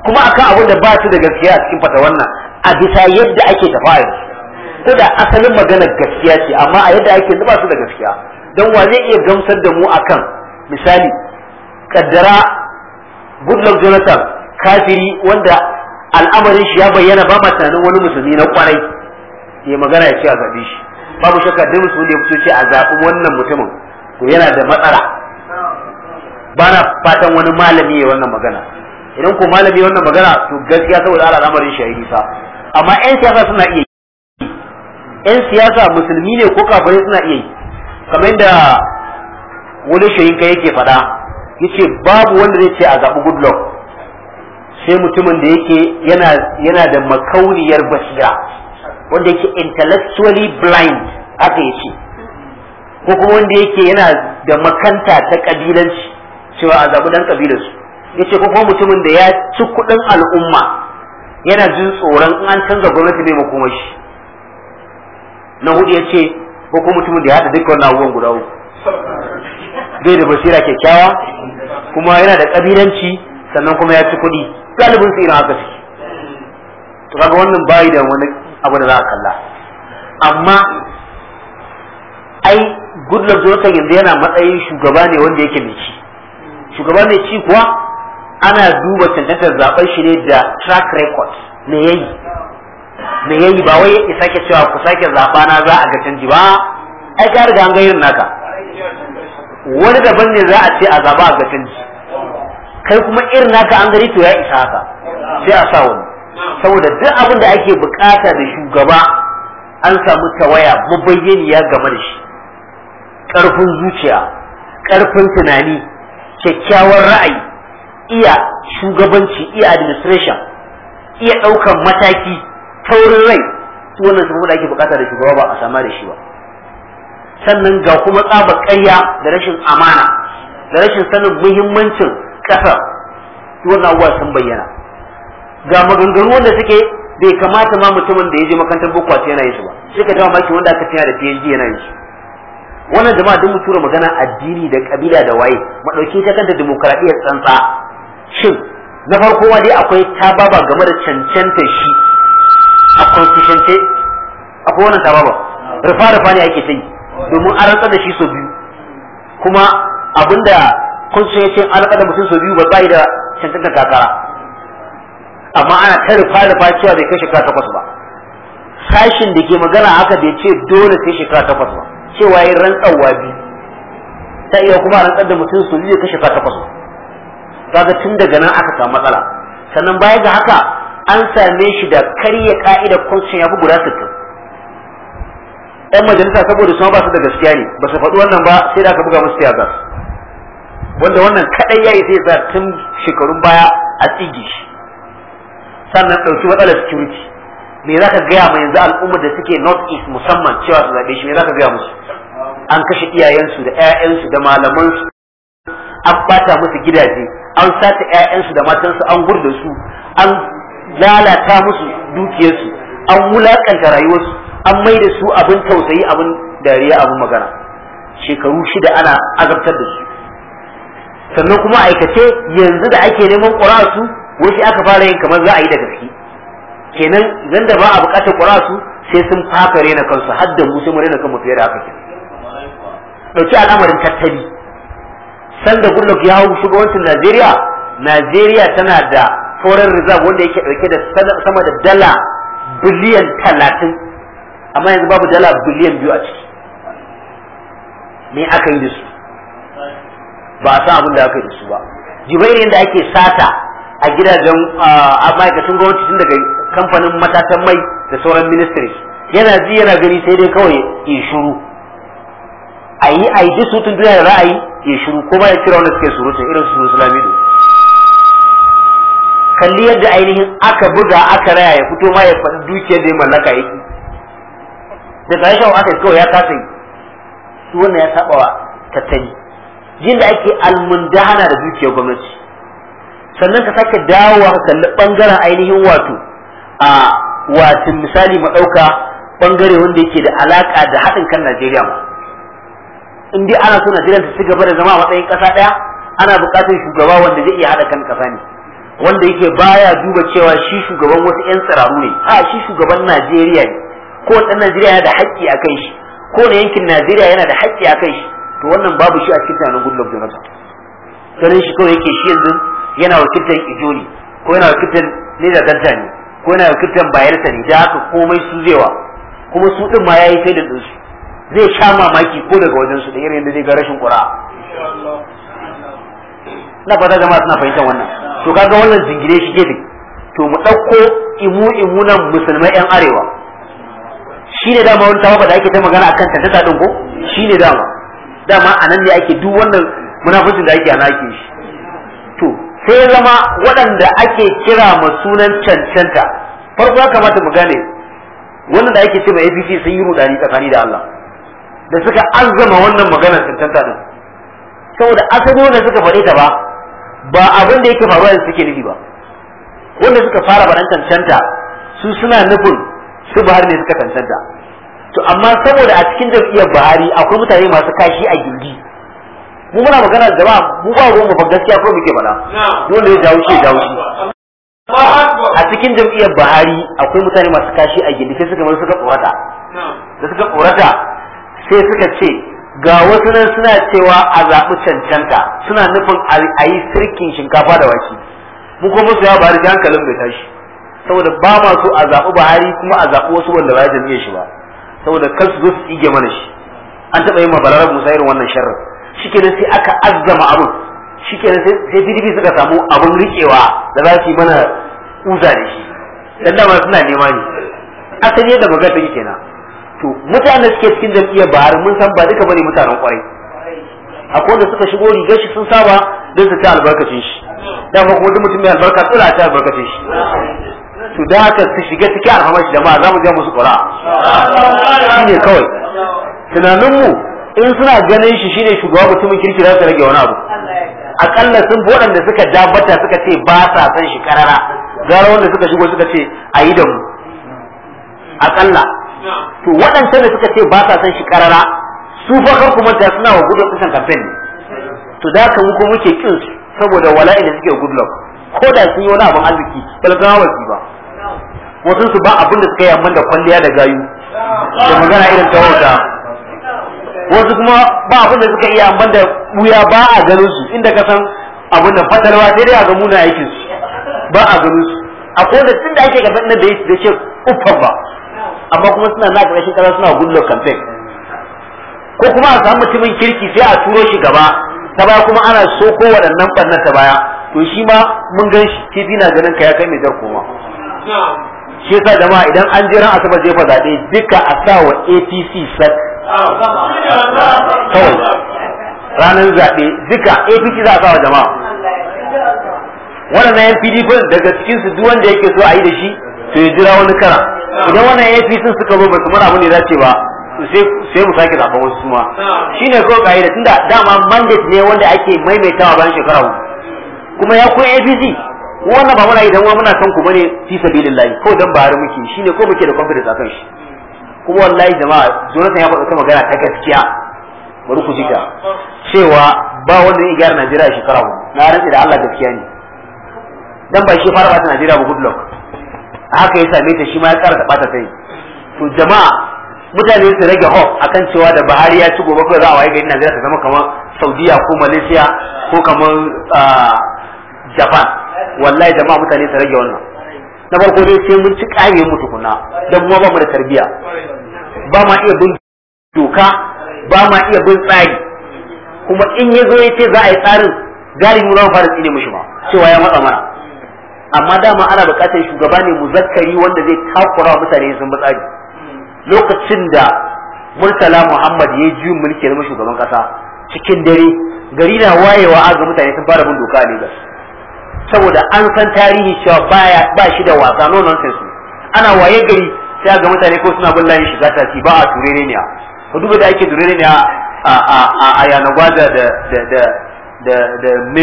kuma akan abin da ba su da gaskiya a cikin fata wannan a bisa yadda ake tafa yanzu ko da asalin maganar gaskiya ce amma a yadda ake ba su da gaskiya don wa zai iya gamsar da mu akan misali kaddara goodluck jonathan kafiri wanda al'amarin shi ya bayyana ba ma tunanin wani musulmi na kwarai ya magana ya ce a zaɓe shi babu shakka duk musulmi da ya fito ce a zaɓi wannan mutumin to yana da matsala ba na fatan wani malami ya wannan magana idan ko malami ya wannan magana to gaskiya saboda al'amarin shi ya yi nisa amma 'yan siyasa suna iya yi 'yan siyasa musulmi ne ko kafirai suna iya yi kamar yadda wani shayin kai yake faɗa yace babu wanda zai ce a zaɓi goodluck sai mutumin da yake yana yana da makauniyar basira wanda yake intellectually blind haka yace ko kuma wanda yake yana da makanta ta kabilanci cewa a zaɓi dan kabilarsu yace ko kuma mutumin da ya ci kuɗin al'umma yana jin tsoron in an canza gwamnati bai makoma shi na hudu yace ko kuma mutumin da ya haɗa dukkan abubuwan guda uku zai da basira kyakkyawa kuma yana da kabilanci sannan kuma ya ci kuɗi galibin su irin haka suke to kaga wannan bayi da wani abu da za a kalla amma ai goodluck jonathan yanzu yana matsayin shugaba ne wanda yake mai ci shugaba mai ci kuwa ana duba cancantar zaben shi ne da track record me yayi me yayi ba wai ya sake cewa ku sake zaba na za a ga canji ba ai ka riga an ga irin naka wani daban ne za a ce a zaba a gatan kai kuma irin naka an gari to ya isa haka sai a sa wani saboda duk abin da ake bukata da shugaba an samu tawaya mabayyaniya game da shi ƙarfin zuciya ƙarfin tunani kyakkyawan ra'ayi iya shugabanci iya administration iya ɗaukan mataki taurin rai wannan sun da ake bukata da shugaba ba a sama da shi ba sannan ga kuma tsaba ƙarya da rashin amana da rashin sanin muhimmancin ƙasa wannan abubuwa sun bayyana ga maganganu wanda suke bai kamata ma mutumin da ya je makarantar boko a yana yin su ba sai ka jawo maki wanda aka tsaya da PhD yana yin su wannan jama'a duk mutura magana addini da kabila da waye mu dauke ta kanta demokradiyyar tsantsa shin na farko dai akwai tababa game da cancanta shi a constitution akwai wannan tababa rufa rufa ne ake ta yi domin a rantsar da shi sau biyu kuma abinda kunsun ya ce an rantsar da mutum sau biyu ba yi da cancantar kakara amma ana ta rufa rufa cewa bai kai shekara takwas ba sashin da ke magana haka bai ce dole sai shekara takwas ba cewa ya rantsarwa biyu ta iya kuma rantsar da mutum sau biyu ya kai shekara takwas ba kaga tun daga nan aka samu matsala sannan baya ga haka an same shi da karya ka'idar constitution ya fi guda sittin yan majalisa saboda su ba su da gaskiya ne ba su faɗi wannan ba sai da aka buga musu tiyaza wanda wannan kadai yayi sai sa tun shekarun baya a tsige shi sannan ɗauki matsalar security me za ka gaya ma yanzu al'ummar da suke north east musamman cewa su zaɓe shi me za ka gaya musu an kashe iyayensu da 'ya'yansu da malamansu an ɓata musu gidaje an sace 'ya'yansu da matansu an gurda su an lalata musu dukiyarsu an wulakanta rayuwarsu an mai da su abin tausayi abin dariya abin magana shekaru shida ana azabtar da su sannan kuma aikace yanzu da ake neman su wasu aka fara yin kamar za a yi da gaske kenan zanda ba a buƙatar su sai sun faka rena kansu har da mu sai rena kanmu fiye da haka ɗauki al'amarin tattali sanda gullok ya hau shugabancin najeriya najeriya tana da foreign reserve wanda yake dauke da sama da dala biliyan talatin amma yanzu babu dala biliyan biyu a ciki me aka yi da su ba a san abin da aka yi da su ba jibairi da ake sata a gidajen ma'aikatan gwamnati tun daga kamfanin matatan mai da sauran ministries yana ji yana gani sai dai kawai ya shuru a yi a yi duk sutun duniya da ra'ayi ya shuru ko ba ya kira wanda suke surutu irin su musulmi ne kalli yadda ainihin aka buga aka raya ya fito ma ya faɗi dukiyar da ya mallaka yake da tsaye shawar aka kawai ya kasa yi su wannan ya saba wa tattali yin da ake almundahana da zuciya gwamnati sannan ka sake dawowa ka kalli bangaren ainihin wato a wato misali mu dauka bangare wanda yake da alaka da haɗin kan Najeriya ma in dai ana so Najeriya ta ci gaba da zama a matsayin ƙasa ɗaya ana buƙatar shugaba wanda zai iya haɗa kan ƙasa ne wanda yake baya duba cewa shi shugaban wasu 'yan tsiraru ne a shi shugaban Najeriya ne Ko ɗan Najeriya yana da haƙƙi a kan shi ko kowane yankin Najeriya yana da haƙƙi a kan shi to wannan babu shi a cikin tunanin Goodluck Jonathan Sanin shi kawai yake shi yanzu yana wakiltar Ijo ko yana wakiltar Leda Delta ne ko yana wakiltar Bayelsa ne da haka komai su zewa kuma su ɗin ma ya yi shaidar ɗinsu zai sha mamaki ko daga wajen su da irin da zai ga rashin ƙura na fata jama'a suna fahimtar wannan to kaga wannan jingire shi gefe to mu ɗauko imu imunan musulmai 'yan arewa Shi ne dama wani tawafa da ake ta magana akan ta ta din ko ne dama dama nan ne ake duk wannan munafikin da ake ana ake shi to sai zama waɗanda ake kira ma sunan cancanta farko ya kamata mu gane wannan da ake ce ma abc sun yi rudani tsakani da Allah da suka azama wannan maganar cancanta din saboda asali wanda suka faɗe ta ba ba abin da yake faruwa da suke nufi ba wanda suka fara faɗan cancanta su suna nufin su ba har ne suka cancanta to amma saboda a cikin jam'iyyar Buhari akwai mutane masu kashi a gindi mu muna magana da ba mu ba ruwan gaskiya ko muke faɗa dole ya dawo shi ya dawo shi a cikin jam'iyyar Buhari akwai mutane masu kashi a gindi sai suka mai suka tsorata da suka tsorata sai suka ce ga wasu nan suna cewa a zaɓi cancanta suna nufin a yi sirkin shinkafa da wake mu kuma su ya Buhari hankalin bai tashi saboda ba ma so a zaɓi Buhari kuma a zaɓi wasu wanda ba ya jam'iyyar shi ba saboda kar zo su tsige mana shi an taɓa yin mabalarar musa irin wannan sharrin kenan sai aka azzama abin kenan sai pdp suka samu abin riƙewa da za su yi mana uza da shi dan dama suna nema ne asali yadda magana take kenan to mutanen da suke cikin jam'iyyar bahar mun san ba duka bane mutanen kwarai akwai wanda suka shigo rigar shi sun saba don su ci albarkacin shi dama kuma duk mutum mai albarka tsira ci albarkacin shi su dace su shiga cikin alhamar shi jama'a za mu je musu kura shi ne kawai tunaninmu in suna ganin shi shine shugaba mutumin kirki za su rage wani abu akalla sun fi waɗanda suka dabbata suka ce ba sa san shi karara gara wanda suka shigo suka ce a yi da mu akalla to waɗanda da suka ce ba sa san shi karara su fa kan kuma ta suna wa gudun kusan kafin ne to da haka mu ko muke kin saboda wala'i da suke gudlock ko da sun yi wani abin arziki talakawa ba su ba wasu su ba abin da suka yi amma da kwalliya da gayu da magana irin ta wauta wasu kuma ba abin da suka yi amma da wuya ba a ganin su inda ka san abin da fatarwa sai dai a ga muna aikin su ba a ganin su a kowane tun da ake gaban nan da ce uffan ba amma kuma suna na karshen ƙasa suna gullo campaign ko kuma a samu mutumin kirki sai a turo shi gaba ta baya kuma ana so ko waɗannan ɓannan ta baya to shi ma mun gan shi ke na ganin ka ya kai mai koma shi yasa jama'a idan an jiran asabar jefa zaɓe duka a sa wa APC sak kawai ranar zaɓe duka APC za a sa wa jama'a wannan yan PDP daga cikin su duwan da yake so a yi da shi to ya jira wani kara idan wannan APC suka zo ba su mara abin da ya ce ba sai mu sake zaɓa wasu ma ne kawai ka'ida tunda dama mandate ne wanda ake maimaitawa bayan shekara hudu kuma ya koyi APC wannan ba muna idan wa muna son ku bane fi sabilillahi ko dan ba har muke shine ko muke da confidence akan shi kuma wallahi jama'a Jonathan ya faɗa ta magana ta gaskiya bari ku jika cewa ba wanda ya gyara Najeriya shekara hudu na rantsi da Allah gaskiya ne dan ba shi fara bata Najeriya ba good luck haka ya same ta shi ma ya kara da bata ta yi to jama'a mutane su rage hope akan cewa da Buhari ya ci gobe ko za a waye gari Najeriya ta zama kamar Saudiya ko Malaysia ko kamar ah, Japan wallahi jama'a mutane su rage wannan na farko dai sai mun ci kare mu tukuna dan mu ba mu da tarbiya ba ma iya bin doka ba ma iya bin tsari kuma in ya zo ya za a yi tsarin galibi mu fara tsine mushi ma cewa ya matsa mana amma dama ana bukatar shugaba ne muzakkari wanda zai takura mutane sun bi tsari lokacin da murtala muhammad ya ji mulki na shugaban kasa cikin dare gari na wayewa ga mutane sun fara bin doka a lagos saboda an san tarihi cewa baya ba shi da wasa no nonsense ana waye gari sai ga mutane ko suna bullan shi zata ci ba a turere ne ko duk da ake turere ne a a yana gwada da da da da da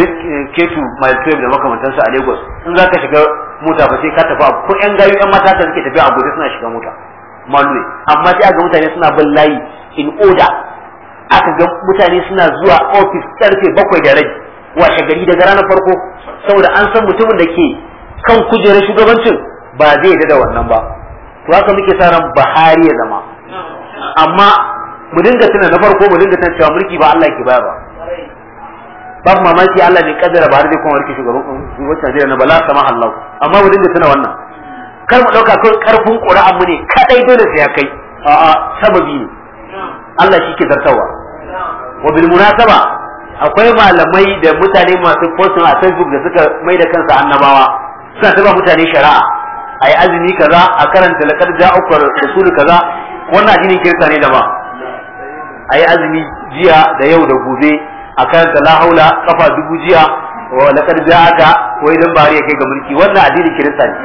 ketu my 12 da makamantansu a Lagos in za ka shiga mota ba sai ka tafi ko yan gari yan mata da suke tafi a gobe suna shiga mota malume amma sai ga mutane suna layi in order aka ga mutane suna zuwa office karfe bakwai da rabi washe gari daga ranar farko saboda an san mutumin da ke kan kujerar shugabancin ba zai yarda da wannan ba to haka muke sa ran Buhari ya zama amma mu dinga tuna na farko mu dinga tuna cewa mulki ba Allah ke bayarwa babu mamaki Allah ne kaddara ba har zai kuma mulki shugaban shugaban jira na bala sama Allah amma mu dinga tuna wannan kar mu dauka kai karfin Qur'an mu ne kadai dole sai ya kai a'a sababi ne Allah shi ke zartawa wa bil munasaba akwai malamai da mutane masu posting a facebook da suka mai da kansa annabawa suna taba mutane shari'a a yi azumi kaza a karanta laƙar ja'ukar rasulu kaza wannan addinin kirista ne da ba a yi azumi jiya da yau da gobe a karanta la haula kafa dubu jiya wa laƙar aka wai dan bari ya kai ga mulki wannan addinin kirista ne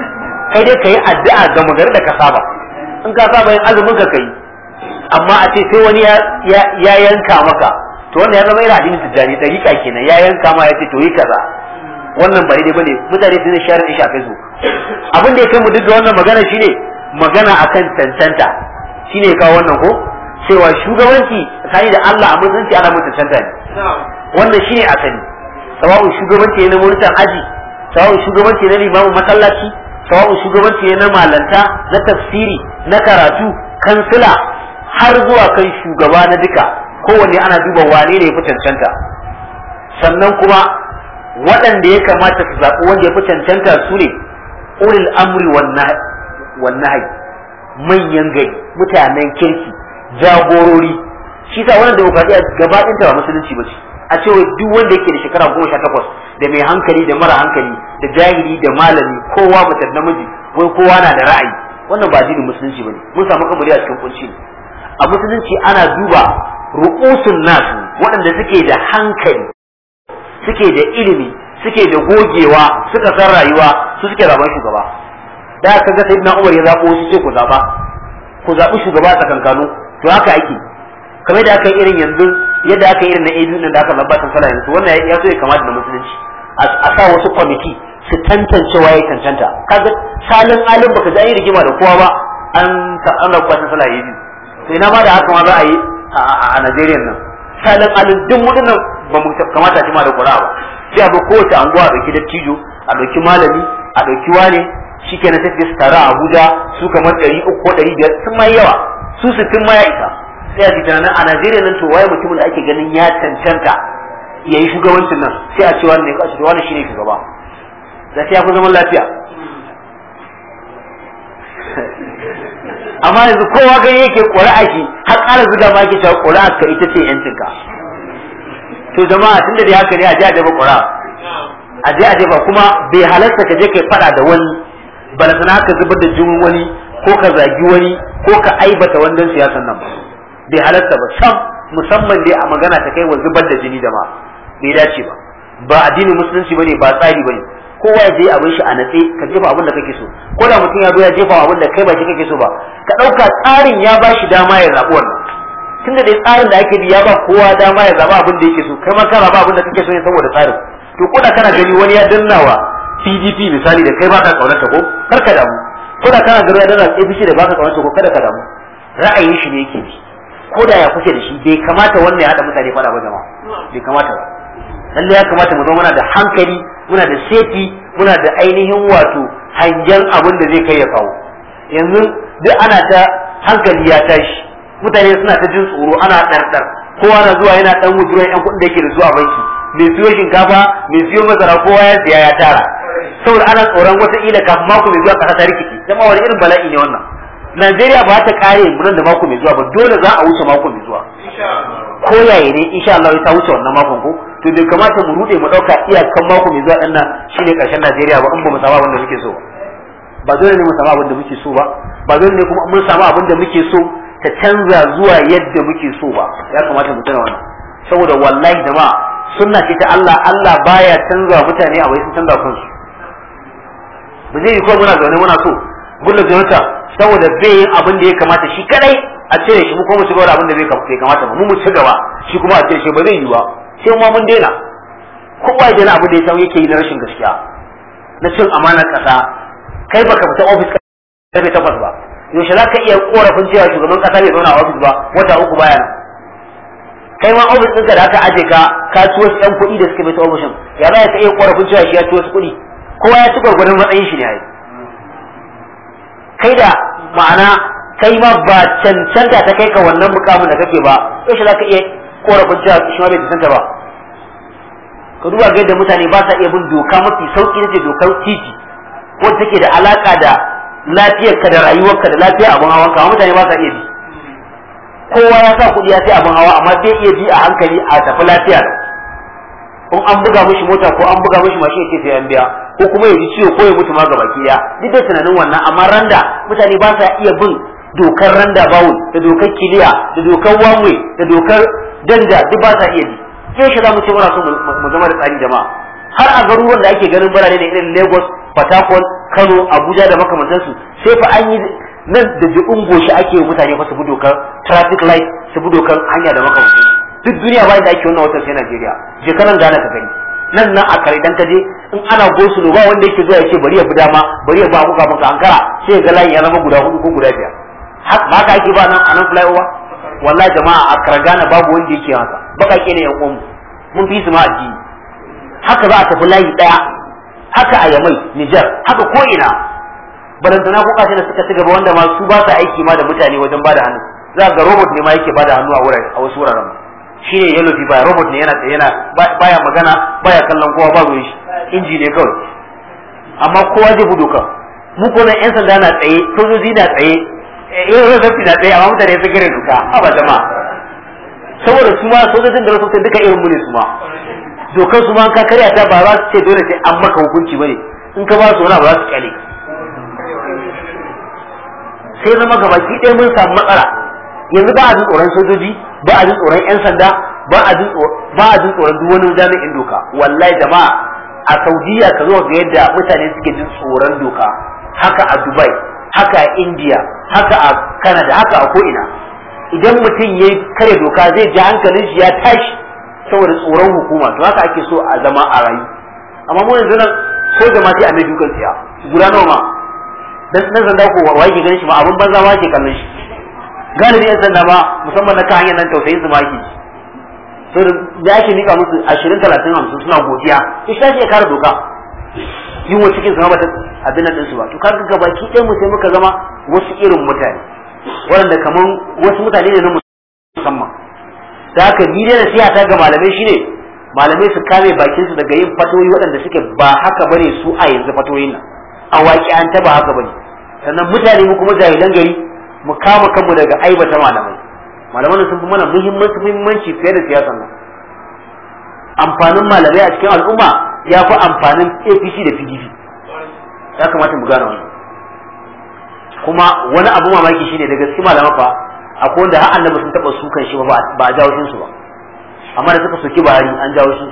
kai dai ka yi addu'a ga magana da ka saba in ka saba yin azumin ka kai amma a ce sai wani ya yanka maka to wannan ya zama yana addinin tijjani dariƙa kenan ya yanka ma ya ce to yi kaza wannan ba ne bane mutane sun share ne shafe su abin da ya kai mu duk da wannan magana shine magana akan tantanta shine kawo wannan ko cewa shugabanci tsakani da Allah a mutunci ana mutunta tantanta ne wannan shine asali sawa'un shugabanci ne na aji sawa'un shugabanci ne na limamin masallaci sawa'un shugabanci ne na malanta na tafsiri na karatu kansila har zuwa kan shugaba na duka kowanne ana duba wane ne ya fi cancanta sannan kuma waɗanda ya kamata su zaɓi wanda ya fi cancanta su ne ulil amri wannan manyan gari mutanen kirki jagorori shi sa wannan demokradiyya gaba ɗinta ba musulunci ba ce a cewa duk wanda yake da shekara goma sha takwas da mai hankali da mara hankali da jahili da malami kowa mace namiji wai kowa na da ra'ayi wannan ba addinin musulunci ba ne mun samu kamar a cikin kunci ne a musulunci ana duba ru'usun nasu waɗanda suke da hankali suke da ilimi suke da gogewa suka san rayuwa su suke zaben shugaba da ka ga sayyidina Umar ya zabo su ce ku zaba ku zabi shugaba tsakankanu to haka yake kamar da aka yi irin yanzu yadda aka yi irin na ABU nan da aka zaba san sallah yanzu wannan ya so ya kamata da musulunci a sa wasu kwamiti su tantance waye tantanta kaga salin alim baka ji an yi rigima da kowa ba an ta an rabuwa sallah yayi to ina ma da haka ma za a yi a Najeriya nan salin alin duk mu nan ba mu kamata ma da ƙura ba sai abu kowace anguwa a ɗauki dattijo a ɗauki malami a ɗauki wane shikenan sai su tara Abuja su kamar ɗari uku ko ɗari biyar sun mai yawa su su tun ya aika sai a ji tunanin a Najeriya nan to waye mutumin da ake ganin ya cancanta ya yi shugabancin nan sai a ce wani ne ka ce wani shine shugaba da sai ya ku zaman lafiya amma yanzu kowa ga yake ƙuri'a shi har ƙara zuga ma ke cewa ƙuri'a ka ita ce ka to jama'a tunda da haka ne a je a jefa ƙuri'a a je a jefa kuma bai halarta ka je kai faɗa da wani sana ka zubar da jinin wani ko ka zagi wani ko ka aibata wandon siyasan nan ba bai halarta ba sam musamman dai a magana ta kai wa zubar da jini da ma bai dace ba ba addinin musulunci bane ba tsari bane kowa ya je abin shi a natse ka jefa abin da kake so ko da mutum ya zo ya jefa abin da kai ba shi kake so ba ka ɗauka tsarin ya ba shi dama ya zaɓi wannan tunda dai tsarin da ake bi ya ba kowa dama ya zaɓi abin da yake so kai ma ka zaɓi abin da kake so ne saboda tsarin to ko da kana gani wani ya dannawa PDP misali da kai ba ƙaunar kaunarta ko kar ka damu ko da kana gani ya danna APC da ba ƙaunar kaunarta ko kada ka damu ra'ayin shi ne yake bi ko da ya kuke da shi bai kamata wannan ya haɗa mutane faɗa ba jama'a bai kamata ba lalle ya kamata mu zo muna da hankali muna da seti muna da ainihin wato hangen abin da zai kai ya kawo yanzu duk ana ta hankali ya tashi mutane suna ta jin tsoro ana ɗarɗar kowa na zuwa yana ɗan wujura yan kuɗin da yake da zuwa banki mai siyo shinkafa mai siyo masara kowa ya siya ya tara saboda ana tsoron wata ila kafin mako mai zuwa ƙasa ta rikici jama'a wani irin bala'i ne wannan Najeriya ba ta kare nan da mako mai zuwa ba dole za a wuce mako mai zuwa ko yaya ne insha Allah ta wuce wannan makon ko to bai kamata mu rude mu dauka iyakan mako mai zuwa din nan shine karshen Najeriya ba in ba mu samu abin da muke so ba dole ne mu samu abin da muke so ba ba dole ne kuma mun samu abin da muke so ta canza zuwa yadda muke so ba ya kamata mu tana wannan saboda wallahi jama'a sunna ce ta Allah Allah baya canza mutane a wai sun canza kansu ba zai yi ko muna zaune muna so bulla zaunta saboda bai yin abin da ya kamata shi kadai a cire shi mu kuma shi ci abin da bai kamata mu mu ci gaba shi kuma a cire shi ba zai ba sai mu mun daina kowa ya daina abin da ya san yake yi na rashin gaskiya na cin amanar kasa kai baka fita office ka kai tabbas ba yaushe za ka iya korafin cewa shugaban kasa bai zauna a office ba wata uku baya nan kai ma ofis ɗinka da aka aje ka ka ci wasu ɗan kuɗi da suka bai ta ofishin ya za ka iya korafin cewa shi ya ci wasu kuɗi kowa ya ci gwargwadon matsayin shi ne a yi kai da ma'ana kai ma ba cancanta ta kai ka wannan mukamin da kake ba yaushe za ka iya korafin cewa shi ma bai cancanta ba ka duba ga yadda mutane ba sa iya bin doka mafi sauki na dokar titi wanda take da alaka da lafiyarka da rayuwarka da lafiyar abun hawan ka mutane ba sa iya bi kowa ya sa kuɗi ya sai abin hawa amma bai iya bi a hankali a tafi lafiya in an buga mishi mota ko an buga mishi mashin ya ce sai an biya ko kuma ya ji ciwo ko ya mutu ma gabaki ya duk da tunanin wannan amma randa mutane ba sa iya bin dokar randa bawul da dokar kiliya da dokar wamwe da dokar danja duk ba sa iya bi ke shi za mu ce muna so mu zama da tsari jama'a har a garuruwan da ake ganin birane da irin Lagos Patakon Kano Abuja da makamantansu sai fa an yi nan da jiɗin goshi ake yi mutane fa su bi dokar traffic light su bi dokar hanya da makamantansu duk duniya bayan da ake wannan watan sai Najeriya je kanan Ghana ka gani nan nan a kare dan kaje in ana gosu ba wanda yake zuwa yake bari ya bi dama bari ya ba muka muka ankara sai ga layi ya zama guda hudu ko guda biyar ba ka ake ba nan anan flyover wallahi jama'a a kargana babu wanda yake haka baka ke ne yan uwan mun fi su ma addini haka za a tafi layi daya haka a yamai Nijar haka ko ina barantana ko kashe da suka ci gaba wanda ma su ba sa aiki ma da mutane wajen bada hannu za ga robot ne ma yake bada hannu a wurare a wasu wuraren Shi ne yellow ba robot ne yana yana baya magana baya kallon kowa ba ruwan shi inji ne kawai amma kowa zai budo ka mu ko nan yan sanda na tsaye sojoji na tsaye yan eh, zafi eh, eh, na tsaye amma mutane sun gare duka a ba jama'a saboda su ma sojojin da sosai duka irin mu ne su ma dokar su ma ka karya ta ba za su ce dole sai an maka hukunci bane in ka ba su wani ba za su kyale sai zama gabaki ɗaya mun samu matsala yanzu ba a ji tsoron sojoji ba a jin tsoron yan sanda ba a jin ba a tsoron duk wani jami'in doka wallahi jama'a a Saudiya ka zo ga yadda mutane suke jin tsoron doka haka a Dubai haka a India haka a Canada haka a ko'ina idan mutum ya kare doka zai ji hankalin shi ya tashi saboda tsoron hukuma to haka ake so a zama a rayu amma mu yanzu nan ko jama'a sai a mai dukan tsiya guda nawa ma dan nan zan ko wa yake ganin shi ma abun banza ma ke kallon shi galibi yan sanda ba musamman na kayan nan tausayin su maki to da yake mika musu 20 30 50 suna godiya to shi ya kare doka yin wa cikin sama abin nan su ba to kaga baki ɗaya mu sai muka zama wasu irin mutane waɗanda kaman wasu mutane ne na musamman da aka ni dai nasiha ta ga malamai shine malamai su kame bakin su daga yin fatoyi waɗanda suke ba haka bane su a yanzu fatoyin nan a waƙi an taba haka bane sannan mutane mu kuma jahilan gari mu kama kanmu daga aibata malamai malaman sun fi mana muhimmanci muhimmanci fiye da siyasa nan amfanin malamai a cikin al'umma ya fi amfanin APC da PDP ya kamata mu gane wannan kuma wani abu mamaki shine daga cikin malaman fa akwai wanda har annabi sun taba sukan shi ba ba a jawo su ba amma da suka soki Buhari an jawo shi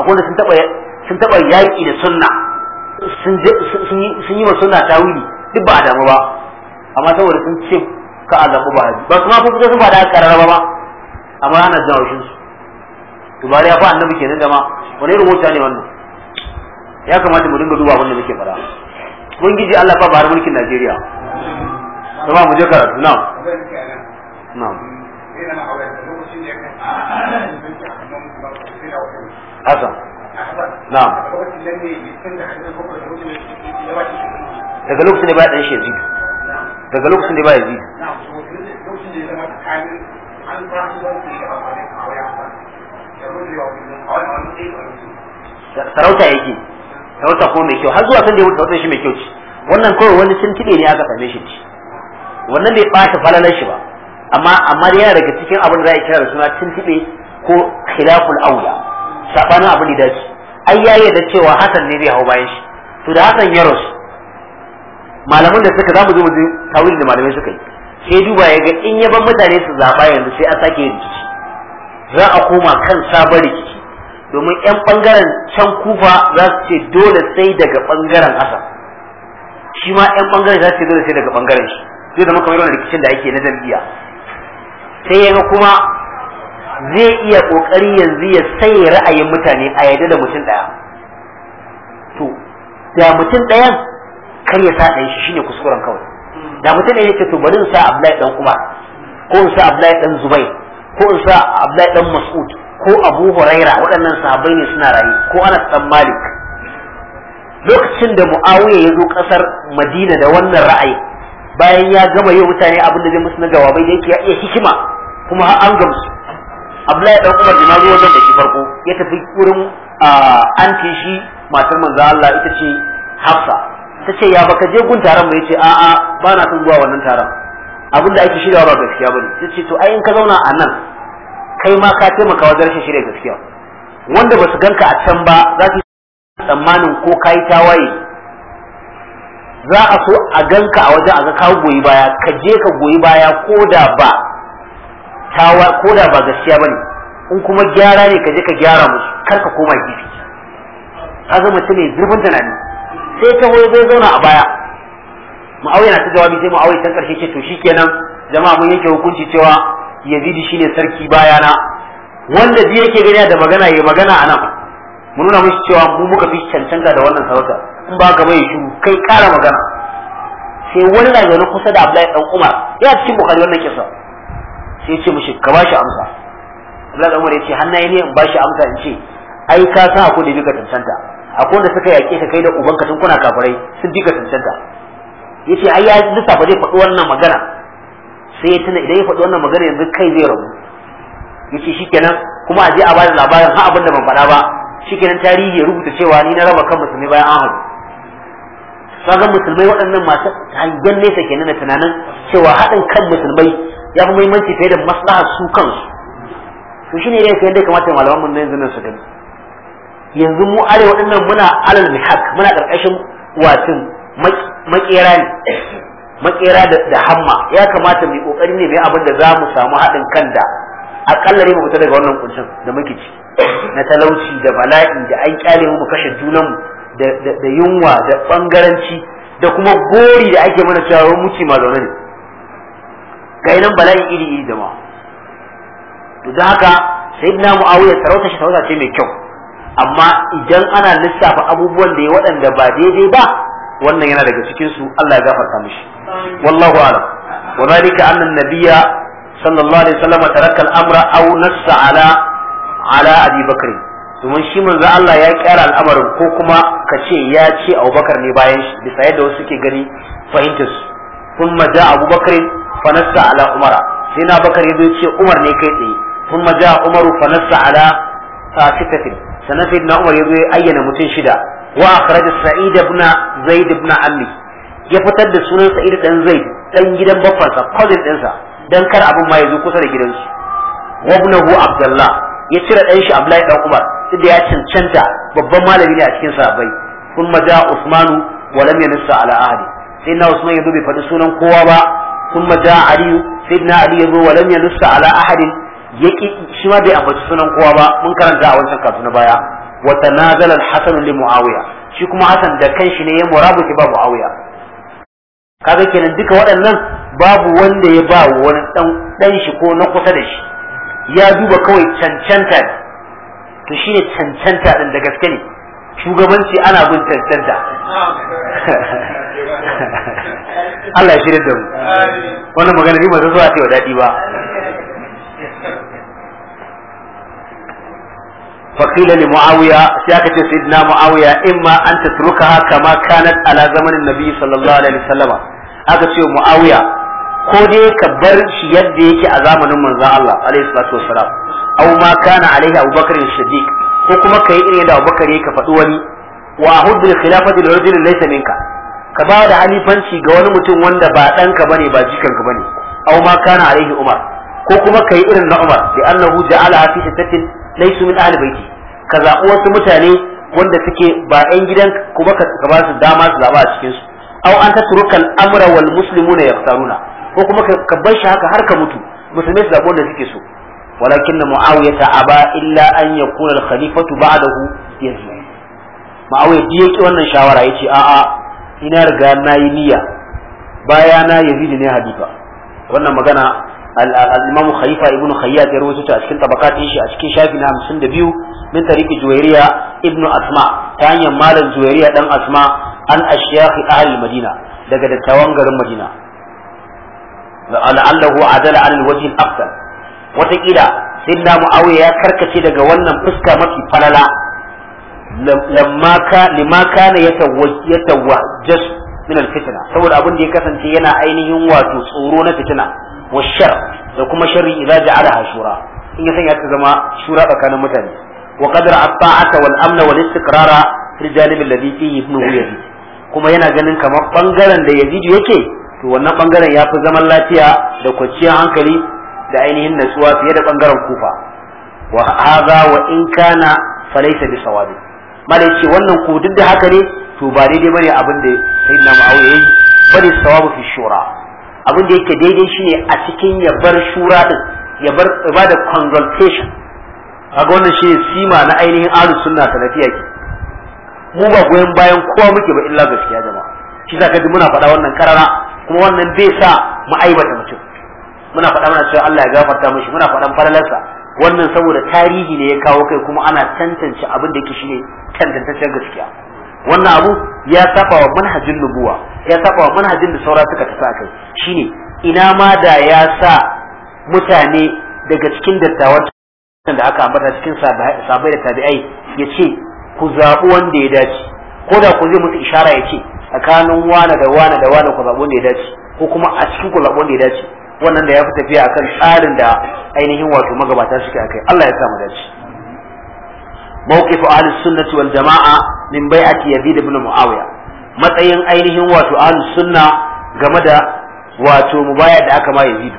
akwai wanda sun taba sun taba yaki da sunna sun yi wa sunna tawili duk ba a damu ba amma saboda sun ce ka a ba buhari ba su ma fi fito sun ba da kararraba ba amma ana jin haushin su to bari ya fa annabi kenan da wani irin wuta ne wannan ya kamata mu dinga duba wanda muke fara mun giji Allah fa bari mulkin Najeriya kuma mu je karatu na na Hasan na daga lokacin da ba dan shi daga lokacin da ba yazid sarauta yake sarauta ko mai kyau har zuwa san da ya wuce shi mai kyau ce wannan kawai wani tuntube ne aka same shi ci wannan bai ɓata falalar shi ba amma amma yana daga cikin abin da za a kira da suna tuntube ko khilaful aula sabanin abin da dace ai ya yarda cewa hasan ne zai hau bayan shi to da hasan ya rasu malaman da suka zamu zo mu tawil da malamai suka yi sai duba ya ga in yaban mutane su zaba yanzu sai a sake rikici za a koma kan sabon rikici domin yan bangaren can kufa za su ce dole sai daga bangaren asa shi ma yan bangaren za su ce dole sai daga bangaren shi zai zama kamar wannan rikicin da ake na jam'iyya sai ya ga kuma zai iya kokari yanzu ya sai ra'ayin mutane a yadda da mutum daya to da mutum dayan kar ya sa ɗan shi shine kuskuren kawai da mutum ya ce to bari in sa Abdullahi dan Umar ko in sa Abdullahi dan Zubair ko in sa Abdullahi dan Mas'ud ko Abu Huraira waɗannan sahabbai ne suna rayu ko Anas dan Malik lokacin da Muawiya ya zo kasar Madina da wannan ra'ayi bayan ya gama yau mutane abin da zai musu na jawabai da yake ya iya hikima kuma har an gamsu Abdullahi dan Umar da nazo wajen da shi farko ya tafi wurin ah, anti shi matar manzo Allah ita ce Hafsa ta ce ya baka je gun taron ba yace a'a ba na son zuwa wannan taron abin da ake shirya ba gaskiya bane ta ce to ai in ka zauna a nan kai ma ka taimaka wajen rashin shirya gaskiya wanda ba su ganka a can ba za su tsammanin ko ka yi tawaye za a so a ganka a wajen a ga kawo goyi baya ka je ka goyi baya ko da ba tawa ko da ba gaskiya bane in kuma gyara ne ka je ka gyara musu kar ka koma gifi ka zama ta ne zurfin tunani sai taho ya zai zauna a baya mu'awiya na ta jawabi sai mu'awiya can karshe ce to shi kenan jama'a mun yanke hukunci cewa yazidi shine sarki bayana wanda ji yake gani da magana ya magana anan mu nuna mishi cewa mu muka fi cancanta da wannan sarauta in ba ka mai shiru kai kara magana sai wani na zaune kusa da Abdullahi dan Umar ya cikin Bukhari wannan kisa sai ya ce mishi ka bashi amsa Abdullahi dan Umar ya ce hannaye ne in bashi amsa in ce ai ka sa ku da duka cancanta akwai wanda suka yaƙe ka kai da ubanka tun kuna kafirai sun bi ka Ya ce ai ya lissafa zai faɗi wannan magana sai ya tuna idan ya faɗi wannan magana yanzu kai zai rabu Ya shi shikenan kuma a je a bada labarin ha abin da ban faɗa ba shikenan tarihi ya rubuta cewa ni na raba kan musulmai bayan an haɗu sauran musulmai waɗannan masu hangen nesa kenan da tunanin cewa haɗin kan musulmai ya fi muhimmanci fiye da maslahar su kansu to shine ne yadda ya kamata malaman mun na yanzu nan su gani yanzu mu are waɗannan muna alal mihak muna karkashin watin makera ne makera da hamma ya kamata mu kokari ne mai abin da za mu samu haɗin kan da akalla ne mu fita daga wannan kuncin da muke ci na talauci da bala'i da an kyale mu kashe junan, da yunwa da bangaranci da kuma gori da ake mana cewa mu muci ma zaune ne Gainan bala'i iri iri da ma to don haka sayyidina mu'awiya tarauta shi tarauta ce mai kyau amma idan ana lissafa abubuwan da ya waɗanda ba daidai ba wannan yana daga cikinsu. Allah ya gafarta mishi wallahu a'lam wa zalika anna an-nabiyya sallallahu alaihi wasallam taraka al-amra aw nassa ala ala Abi Bakr domin shi manzo Allah ya kyara al'amarin ko kuma ka ce ya ce Abubakar ne bayan shi bisa yadda wasu suke gani fahimtar su kuma ja Abubakar Bakr fa nassa ala Umara sai na Bakar ya ce Umar ne kai tsaye kuma ja Umaru fa nassa ala sitatin sannan sai na umar ya zo ya ayyana mutum shida wa akhraj sa'id ibn zaid ibn ammi ya fitar da sunan sa'id dan zaid dan gidan baffarsa cousin ɗinsa dan kar abun ma ya zo kusa da gidansu wa ibnahu abdullah ya cire dan shi abdullahi dan umar duk ya cancanta babban malami ne a cikin sahabbai kun maja usmanu wa lam yanussa ala ahli sai na usman ya zo bai faɗi sunan kowa ba kun maja aliyu sai na aliyu ya zo wa lam ala ahadin yaki shi ma bai ambaci sunan kowa ba mun karanta a wancan kasu na baya wa tanazala al-hasan li muawiya shi kuma hasan da kanshi ne ya murabuki ba muawiya kaga kenan duka waɗannan babu wanda ya ba wani dan dan shi ko na kusa da shi ya duba kawai cancanta to shine cancanta din da gaske ne shugabanci ana bin cancanta *laughs* Allah ya shirya da mu wannan magana ni ba zan zuwa ce wa daɗi ba فقيل لمعاوية سياكة سيدنا معاوية إما أن تتركها كما كانت على زمن النبي صلى الله عليه وسلم aka ce mu'awiya ko dai ka bar shi yadda yake a zamanin manzon Allah alaihi salatu wassalam aw ma kana alaihi abubakar siddiq ko kuma kai irin da abubakar yake faɗi wani wa hudul khilafati lil rajul laysa ka ba da halifanci ga wani mutum wanda ba ɗanka bane ba jikanka bane aw ma umar ko kuma kayi irin na umar bi annahu ja'ala fi sittatin laisu min ahli baiti ka zaɓi wasu mutane wanda suke ba ɗan gidan kuma ka ba su dama su zaba a cikin su aw an tatrukal amra wal muslimuna yaqtaruna ko kuma ka bar shi haka har ka mutu musulmai su zaɓi wanda suke so walakin muawiya ta aba illa an yakuna al-khalifatu ba'dahu yazmu muawiya ji yake wannan shawara yace a'a ina riga yi niyya baya na yazidi ne halifa wannan magana al-Imam Khalifa ibn Khayyat ya rawaito a cikin tabakatin shi a cikin shafi na 52 min tariqi Juwairiya ibn Asma ta hanyar malam Juwairiya dan Asma an ashyaqi ahli Madina daga dattawan garin Madina la'allahu adala an al-wajh al-afdal wata kila sayyidina Muawiya ya karkace daga wannan fuska mafi falala limaka na ya tawajjas min alfitina saboda abin da ya kasance yana ainihin wato tsoro na fitina wa shar da kuma sharri idza ja'alaha shura in ya sanya ta zama shura tsakanin mutane wa qadra at-ta'ata wal amna wal istiqrara fil janib alladhi fihi ibnu yazid kuma yana ganin kamar bangaren da yazid yake to wannan bangaren ya fi zaman lafiya da kwanciyar hankali da ainihin natsuwa fiye da bangaren kufa wa hadha wa in kana falaysa bi sawabi malai ce wannan ko duk da haka ne to ba daidai bane abin da sayyidina mu'awiya yayi bane sawabu fi shura abin da yake daidai shine a cikin ya bar shura din ya bar ba da consultation kaga wannan shine sima na ainihin ahlus sunna lafiya ke mu ba goyen bayan kowa muke ba illa gaskiya jama'a shi zaka ji muna faɗa wannan karara kuma wannan bai sa mu aibata mutum muna faɗa muna cewa Allah ya gafarta mishi muna faɗan faralarsa wannan saboda tarihi ne ya kawo kai kuma ana tantance abin da yake shine tantantaccen gaskiya wannan abu ya saba wa manhajin nubuwa ya saba wa manhajin da saura suka tafi akai shine ina ma da ya sa mutane daga cikin dattawan da aka ambata cikin sabai da tabi'ai ya ce ku zaɓi wanda ya dace ko da ku zai musu ishara ya ce tsakanin wane da wane da wane ku zaɓi wanda ya dace ko kuma a cikin ku zaɓi wanda ya dace wannan da ya fi tafiya akan tsarin da ainihin wato magabata suke akai Allah ya sa mu dace موقف أهل السنة والجماعة من بيعة يزيد بن معاوية matsayin ainihin wato ahlus sunna game da wato mubaya da aka ma yazidu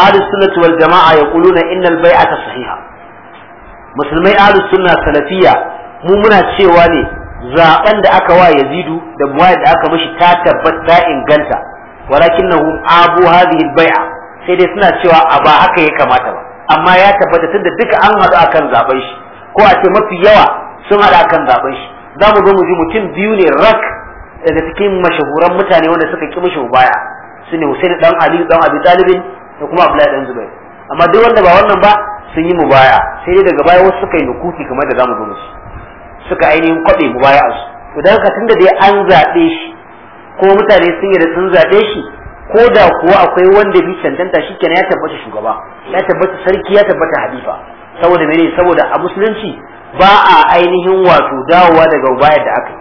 ahlus sunnati wal jama'a yaquluna innal bai'ata sahiha musulmai ahlus sunna salafiyya mu muna cewa ne zaben da aka wa yazidu da mubaya da aka mishi ta tabbata inganta walakinnahum abu hadhihi al bai'a sai dai suna cewa a ba haka ya kamata ba amma ya tabbata tunda duka an hadu akan zaben shi ko a ce mafi yawa sun haɗa kan zaben shi za mu zo mu ji mutum biyu ne rak daga cikin mashahuran mutane wanda suka ki mashi baya su ne Hussein dan Ali dan Abi Talibin da kuma Abdullahi dan Zubair amma duk wanda ba wannan ba sun yi mubaya sai dai daga baya wasu suka yi nukuki kamar da zamu zo musu suka ainihin kwabe mubaya su to dan ka tunda dai an zabe shi ko mutane sun yi da sun zabe shi ko da kuwa akwai wanda bi cancanta kenan ya tabbata shugaba ya tabbata sarki ya tabbata halifa saboda mene saboda a musulunci ba a ainihin wato dawowa daga bayar da aka yi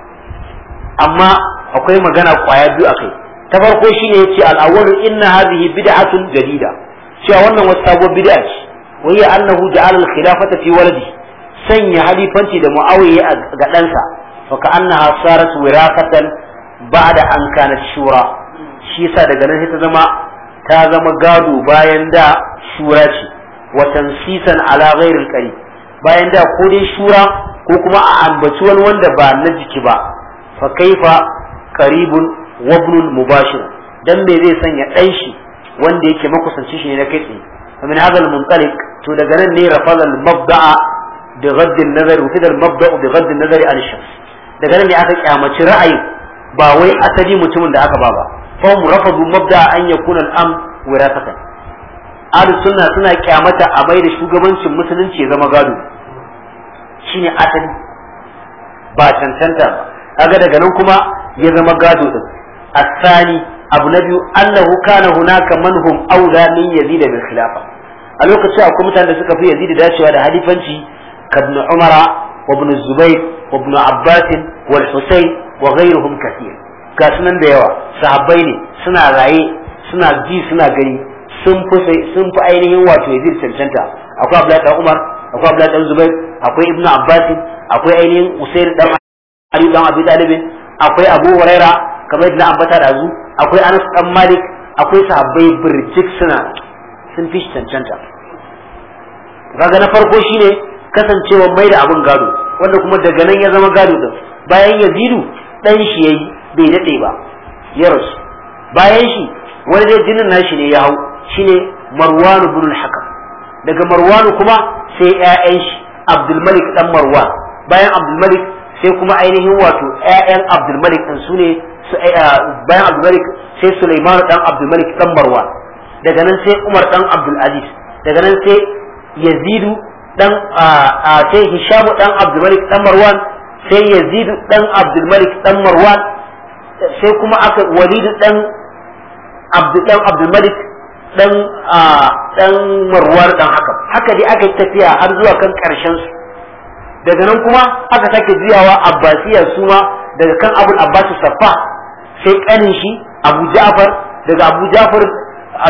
amma akwai magana kwaya biyu akai ta farko shine yace al-awwalu inna hadhihi bid'atun jadida cewa wannan wasu sabuwar bid'a ce wa hiya annahu ja'ala al-khilafata fi waladi sanya halifanci da muawiya ga ɗansa fa ka'annaha sarat wirafatan ba'da an kana shura shi yasa daga nan sai ta zama ta zama gado bayan da shura ce wa tansisan ala ghairil qari bayan da ko dai shura ko kuma a ambaci wani wanda ba na jiki ba fa kaifa qaribun wa ibnul mubashir dan me zai sanya dan shi wanda yake makusanci shi ne na kai tsaye min hadha al-muntaliq to daga nan ne rafaza al-mabda'a bi ghadd an-nazar wa kidal mabda'u bi ghadd an-nazar an shams daga nan ne aka kyamaci ra'ayi ba wai asali mutumin da aka ba ba fa hum rafadu mabda'a an yakuna al-am wirasatan ahlus sunna suna kyamata a mai da shugabancin musulunci ya zama gado shine asali ba cancanta ba kaga daga nan kuma ya zama gado din Sani, abu na biyu annahu kana hunaka manhum awla min yazid bil khilafa a lokacin akwai mutanen da suka fi yazid dacewa da halifanci kabn umara wa ibn zubayr wa ibn abbas wa husayn wa ghayruhum kathir ka sunan da yawa sahabbai ne suna raye suna ji suna gani sun fi sun fi ainihin wato yazid cancanta akwai abdullahi dan umar akwai abdullahi dan zubair akwai ibnu abbas akwai ainihin usair dan ali dan abi talib akwai abu huraira kamar yadda ambata da zu akwai anas dan malik akwai sahabbai birjik suna sun fi cancanta kaga na farko shine kasancewa mai da abin gado wanda kuma daga nan ya zama gado din bayan yazidu dan shi yayi bai dade ba ya rasu bayan shi wani dai jinin nashi ne ya hau shine marwanu ibn al-hakam daga marwanu kuma sai ƴaƴan shi abdul malik dan marwan bayan abdul malik sai kuma ainihin wato ƴaƴan abdul malik din sune eh, eh, bayan abdul sai sulaiman dan abdul malik dan marwan daga nan sai umar dan abdul aziz daga nan sai yazidu dan ah, ah, sai hisham dan abdul malik dan marwan sai yazidu dan abdul malik dan marwan sai kuma aka walidu dan abdul malik dan dan marwar dan haka haka dai aka tafiya har zuwa kan karshen su daga nan kuma aka sake jiyawa abbasiya su ma daga kan abul abbas saffa sai kanin shi abu ja'far daga abu ja'far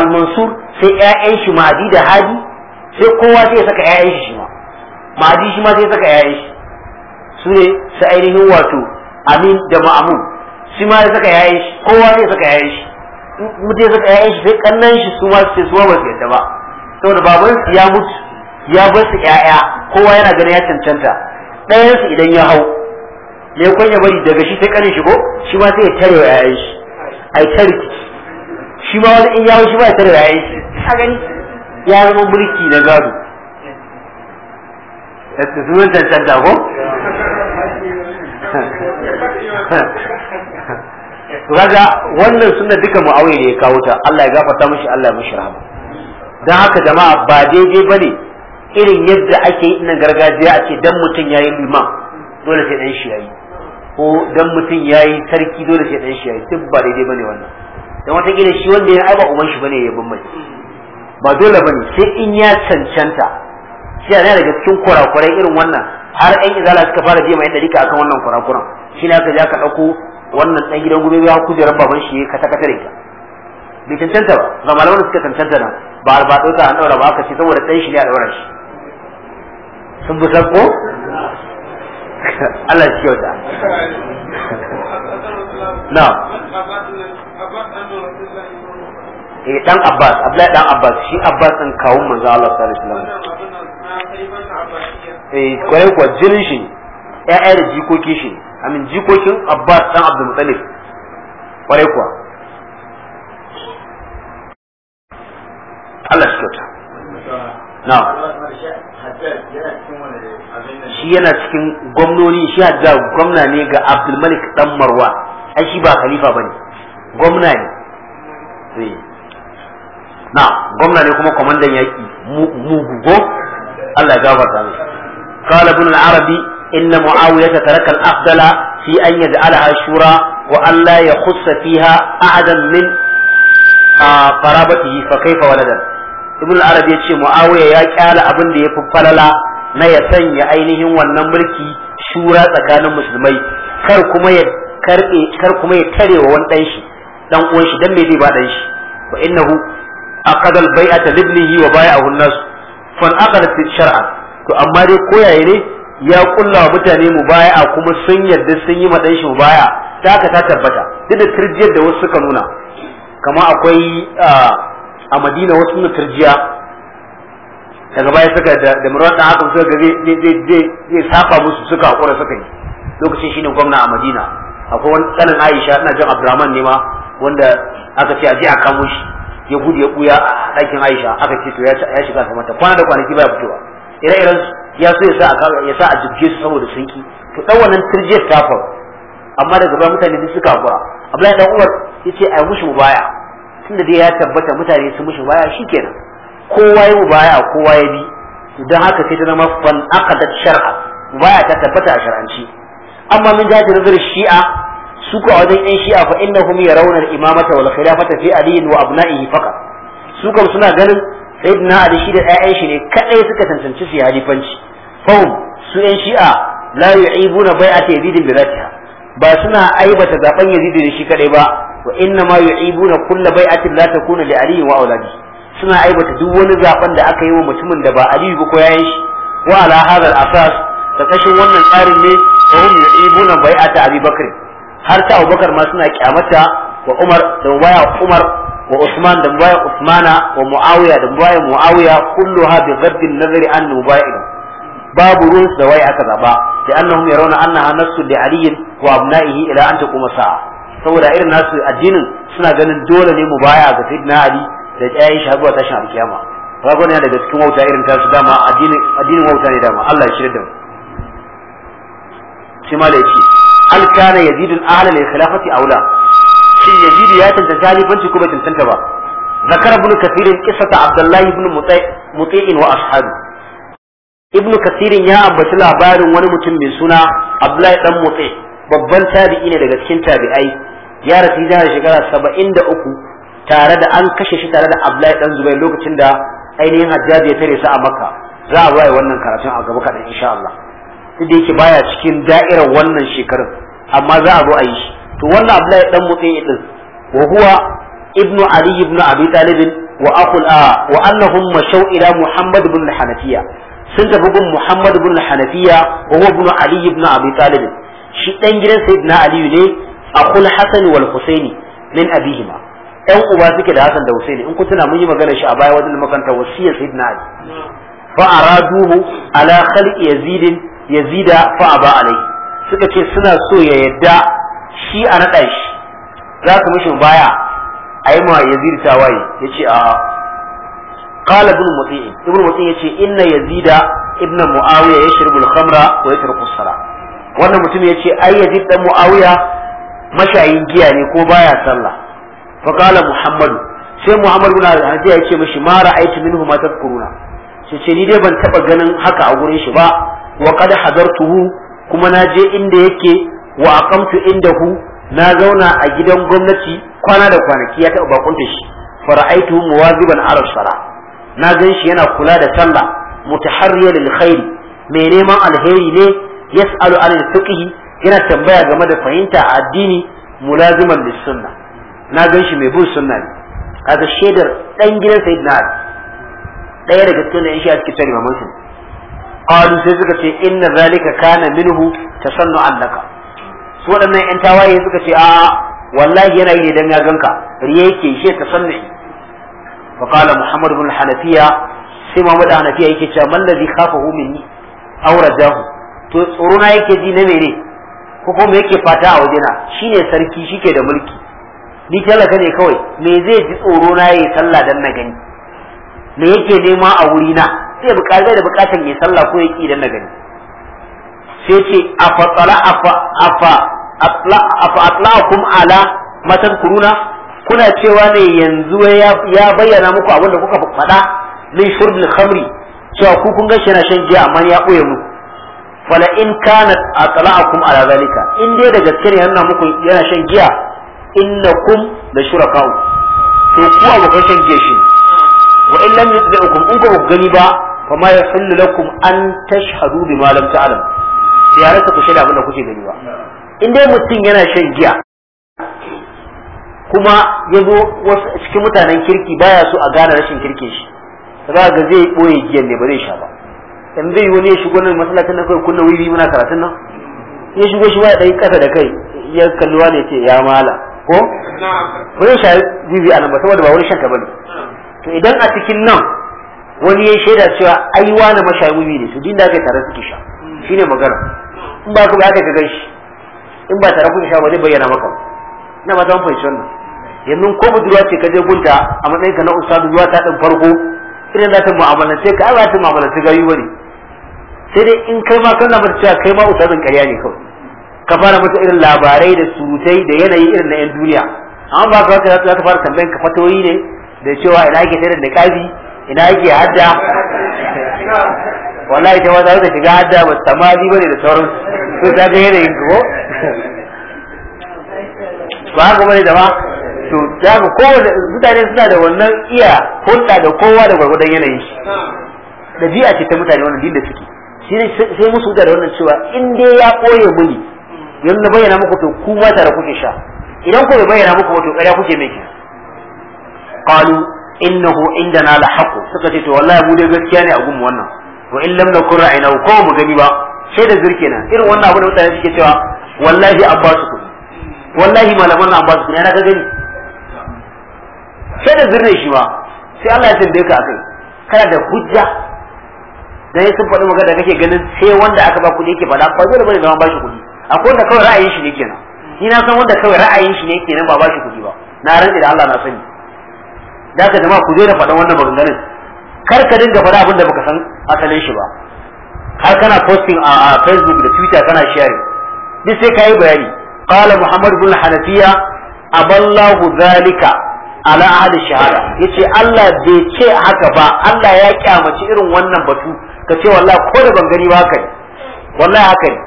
al-mansur sai ƴaƴan shi Madi da hadi sai kowa sai ya saka ƴaƴan shi ma Madi shi ma sai ya saka ƴaƴan shi su ne su ainihin wato amin da ma'amun shi ma ya saka ƴaƴan shi kowa sai ya saka ƴaƴan shi mutu ya saka 'ya'yan shi sai kannan shi su ma su su ba su yadda ba saboda baban su ya mutu ya bar su yaya kowa yana ganin ya cancanta ɗayan su idan ya hau me kun ya bari daga shi sai kanin shi ko shi ma sai ya tare wa ƴaƴan shi ai tare shi ma wani in ya hau shi ba ya tare wa ƴaƴan shi a gani ya zama mulki na gado ya su cancanta ko *laughs* *laughs* *laughs* to kaga wannan sunna duka muawiya ne ya kawo ta Allah ya gafarta mishi Allah ya mishi rahama dan haka jama'a ba daidai bane irin yadda ake yi na gargajiya a ce dan mutum yayi liman dole sai dan shi yayi ko dan mutum yayi sarki dole sai dan shi yayi duk ba daidai bane wannan dan wata kila shi wanda ya aiba uban shi bane ya bin mai ba dole bane sai in ya cancanta shi ne daga cikin kurakurai irin wannan har ɗan izala suka fara biya mai ɗarika akan wannan kurakuran shi ne aka ja ka ɗauko wannan ɗan gidan gube ya kujerar baban shi kata kata da ita bai cancanta ba ga malaman suka cancanta nan ba ba ɗauka an ɗaura ba aka ce saboda ɗan shi ne a ɗaura shi sun bi ko *laughs* Allah shi kyauta *laughs* na eh dan Abbas Abdullahi dan Abbas shi Abbas din kawun manzo Allah sallallahu alaihi wasallam eh kwarai kwa jinin shi ya da jikoki shi amin jikokin abbas dan abdul muttalib kwarai kuwa Allah shi kyauta na shi yana cikin gwamnoni shi hajjar gwamna ne ga abdul malik dan marwa ai shi ba khalifa ne gwamna ne eh. na gwamna ne kuma kwamandan yaƙi mugugo Allah ya gafarta ne قال ابن العربي inna muawiya ta tarakal afdala fi an yaj'alaha shura wa alla yakhussa fiha ahadan min qarabatihi fa kaifa waladan ibn al-arab yace muawiya ya kyala abin da ya fi falala na ya sanya ainihin wannan mulki shura tsakanin musulmai kar kuma ya karbe kar tarewa wani dan dan uwan shi dan me zai ba dan shi wa innahu aqadal bai'ata libnihi wa bai'ahu an-nas fa aqadat shar'an to amma dai koyaye ne ya kulla mutane mu baya a kuma sun yarda sun yi madan shi baya ta ka ta tabbata duk da turjiyar da wasu suka nuna kama akwai a madina wasu nuna turjiya daga baya suka da murwan da hakan suka ga zai safa musu suka hakura suka yi lokacin shi ne gwamna a madina akwai wani tsanin aisha ina jin abdurrahman ne ma wanda aka ce a je a kamo shi ya gudu ya buya a ɗakin aisha aka ce to ya shiga samanta kwana da kwanaki baya fitowa ire-iren ya so ya sa a ya su saboda sun ki to dan wannan turjiyar ta amma daga baya mutane duk suka hakura Abdullahi dan Umar yace ai mushi mubaya tunda dai ya tabbata mutane sun mushi mubaya shikenan kowa ya baya kowa ya bi Idan haka sai ta zama fan aqadat shar'a mubaya ta tabbata a shar'anci amma min jihar nazar shi'a su ko wajen yan shi'a fa innahum yarawna al-imamata wal khilafata fi aliyin wa abna'ihi faqat su kam suna ganin sayyidina ali shi da ƴaƴan shi ne kadai suka tantance su halifanci fahum su yan shi'a la yu'ibuna bai'ata yazid bi zatiha ba suna aibata zaben yazid da shi kadai ba wa inna ma yu'ibuna kullu bai'atin la takuna li ali wa auladi suna aibata duk wani zaben da aka yi wa mutumin da ba ali ba ko yayin shi wa ala hadha asas da kashin wannan tsarin ne fa hum yu'ibuna bai'ata abubakar har ta abubakar ma suna kyamata wa umar da umar wa Usman da baya Usmana wa Muawiya da baya Muawiya kulluha bi ghadd an-nazari an mubayin babu ruwan da wai aka zaba da annahum yarawna annaha nafsu li Ali wa abna'ihi ila an taquma sa'a saboda irin nasu addinin suna ganin dole ne baya ga Sayyidina Ali da tsayin shi tashin alkiyama rago ne daga cikin wauta irin tasu dama addinin addinin wauta ne dama Allah ya shirya da mu shin yazidu ya tantance halifanci ko bai tantance ba zakar ibn kathir kisata Abdullahi ibn muti'in wa ashabu ibn kathir ya ambaci labarin wani mutum mai suna Abdullahi dan mutsi babban tabi'i ne daga cikin tabi'ai ya rasu da shekara 73 tare da an kashe shi tare da abdullahi dan zubair lokacin da ainihin hajjaji ya tare a makka za a bai wannan karatun a gaba kaɗan insha Allah duk da yake baya cikin da'irar wannan shekarun amma za a zo a yi shi to wannan Abdullahi dan Mutsi din wa huwa ibnu Ali ibn Abi Talib wa aqul a ah, wa annahum mashaw ila Muhammad ibn Hanafiya sun tafi gun Muhammad ibn Hanafiya wa huwa ibn Ali ibn Abi Talib shi dan gidan Sayyidina Ali ne aqul Hasan wal Husaini min abihima ɗan uba suke da Hassan da Husaini in kun tuna mun yi magana shi a baya wajen makanta wasiyar Sayyidina Ali fa araduhu ala khalqi yazid yazida fa aba alai suka ce suna so ya yadda shi a naɗa shi za ka mishi baya a yi ma yazid tawaye ya ce a qala ibn muti'in ibn muti'in ya ce inna yazida ibn muawiya yashrabu al-khamra ko ya as-sala wannan mutum ya ce ai yazid dan muawiya mashayin giya ne ko baya sallah fa kala muhammadu sai muhammad ibn hadiya ya ce mishi ma ra'aytu minhu ma tadhkuruna sai ce ni dai ban taɓa ganin haka a gurin shi ba wa qad tuhu kuma na je inda yake wa aqamtu indahu na zauna a gidan gwamnati kwana da kwanaki ya taɓa bakunta shi fara'aitu muwaziban ala sala na gan shi yana kula da sallah mutaharriyan lil khairi mai neman alheri ne yas'alu an fiqhi yana tambaya game da fahimta a addini mulaziman lis sunna na gan shi mai bin sunna ne kaga shedar dan gidan sayyidina ali daya daga cikin da shi a cikin tarihi mamansu qalu sai suka ce inna zalika kana minhu tasannu'an laka su waɗannan yan tawaye suka ce a wallahi yana yi dan ya ganka riya yake shi ta sanne fa qala muhammad ibn hanafiya sai muhammad hanafiya yake cewa man ladhi khafahu minni aw to tsoro na yake ji na mene ko kuma yake fata a wajena shine sarki shike da mulki ni talaka ne kawai me zai ji tsoro na yayi sallah dan na gani me yake nema a wurina sai bukatar da bukatar yayi sallah ko yake dan na gani sai ce afa a afa a kuma ala matan kuruna kuna cewa ne yanzu ya bayyana muku abin da kuka faɗa min shurbil khamri cewa ku kun gashi na shan giya amma ya ɓoye mu, fala in a kuma ala zalika in dai da gaske ne yana muku yana shan giya kum da shura kawo to ba kan shan giya shi wa in lam yutbi'ukum in ku gani ba fa ma yahillu lakum an tashhadu bima lam ta'lamu bai halatta ku shaida abin da kuke gani ba in dai mutum yana shan giya kuma ya zo cikin mutanen kirki baya so a gane rashin kirki shi za ga zai boye giyan ne ba zai sha ba in zai yi wani ya shigo nan masallacin nan kai kunna wuri muna karatun nan ya shigo shi waya dai kasa da kai ya kalluwa ne ce ya mala ko ba zai sha wiwi a ba saboda ba wani shanka bane to idan a cikin nan wani ya shaida cewa ai wani mashayi ne su dinda da kai tare suke sha shine magana in ba ku ba haka ka gan shi in ba tare kun sha ba zai bayyana maka ina ba zan fahimci wannan yanzu ko budurwa ce ka je gunta a matsayin ka na ustadu zuwa ta dan farko irin za ta mu'amalance ka ai za ta mu'amalance gayu wani sai dai in kai ma kana mutu cewa kai ma ustadin ƙarya ne kawai ka fara mata irin labarai da surutai da yanayi irin na yan duniya amma ba ka haka za ta fara tambayan ka fatoyi ne da cewa ina ake tare da kabi ina ake hadda wallahi ita ma za ta shiga hadda ba samadi bane da sauran su ta ga yanayin ko ba ku bane da ba to za ka kowane mutane suna da wannan iya hulɗa da kowa da gwargwadon yanayi da ɗabi'a a cikin mutane wannan din da suke shi sai musu da wannan cewa in dai ya koye muni yanzu na bayyana muku to ku ma tare kuke sha idan ku bai bayyana muku to ƙarya kuke mai ki qalu innahu indana la haqq suka ce to wallahi mu dai gaskiya ne a gumu wannan wa in lam nakun ra'ina ko mu gani ba sai da zirke na irin wannan abu da mutane suke cewa wallahi an abbasu kuɗi wallahi malaman an abbasu ku ne na ka gani sai da zirne shi ba sai Allah ya tambaye ka akai kana da hujja dan sun faɗi magana da kake ganin sai wanda aka ba kuɗi yake faɗa ba dole bane zama shi kuɗi akwai wanda kawai ra'ayin shi ne kenan ni na san wanda kawai ra'ayin shi ne kenan ba bashi kuɗi ba na rantsi da Allah na sani da aka jama'a ku da faɗan wannan maganganun kar ka dinga faɗa abin da baka san asalin shi ba har kana posting a facebook da twitter kana sharing duk sai ka yi bayani qala muhammad bin hanafiya aballahu zalika ala ahad shahada yace Allah bai ce haka ba Allah ya kyamaci irin wannan batu ka ce wallahi ko da ban gani ba haka wallahi haka ne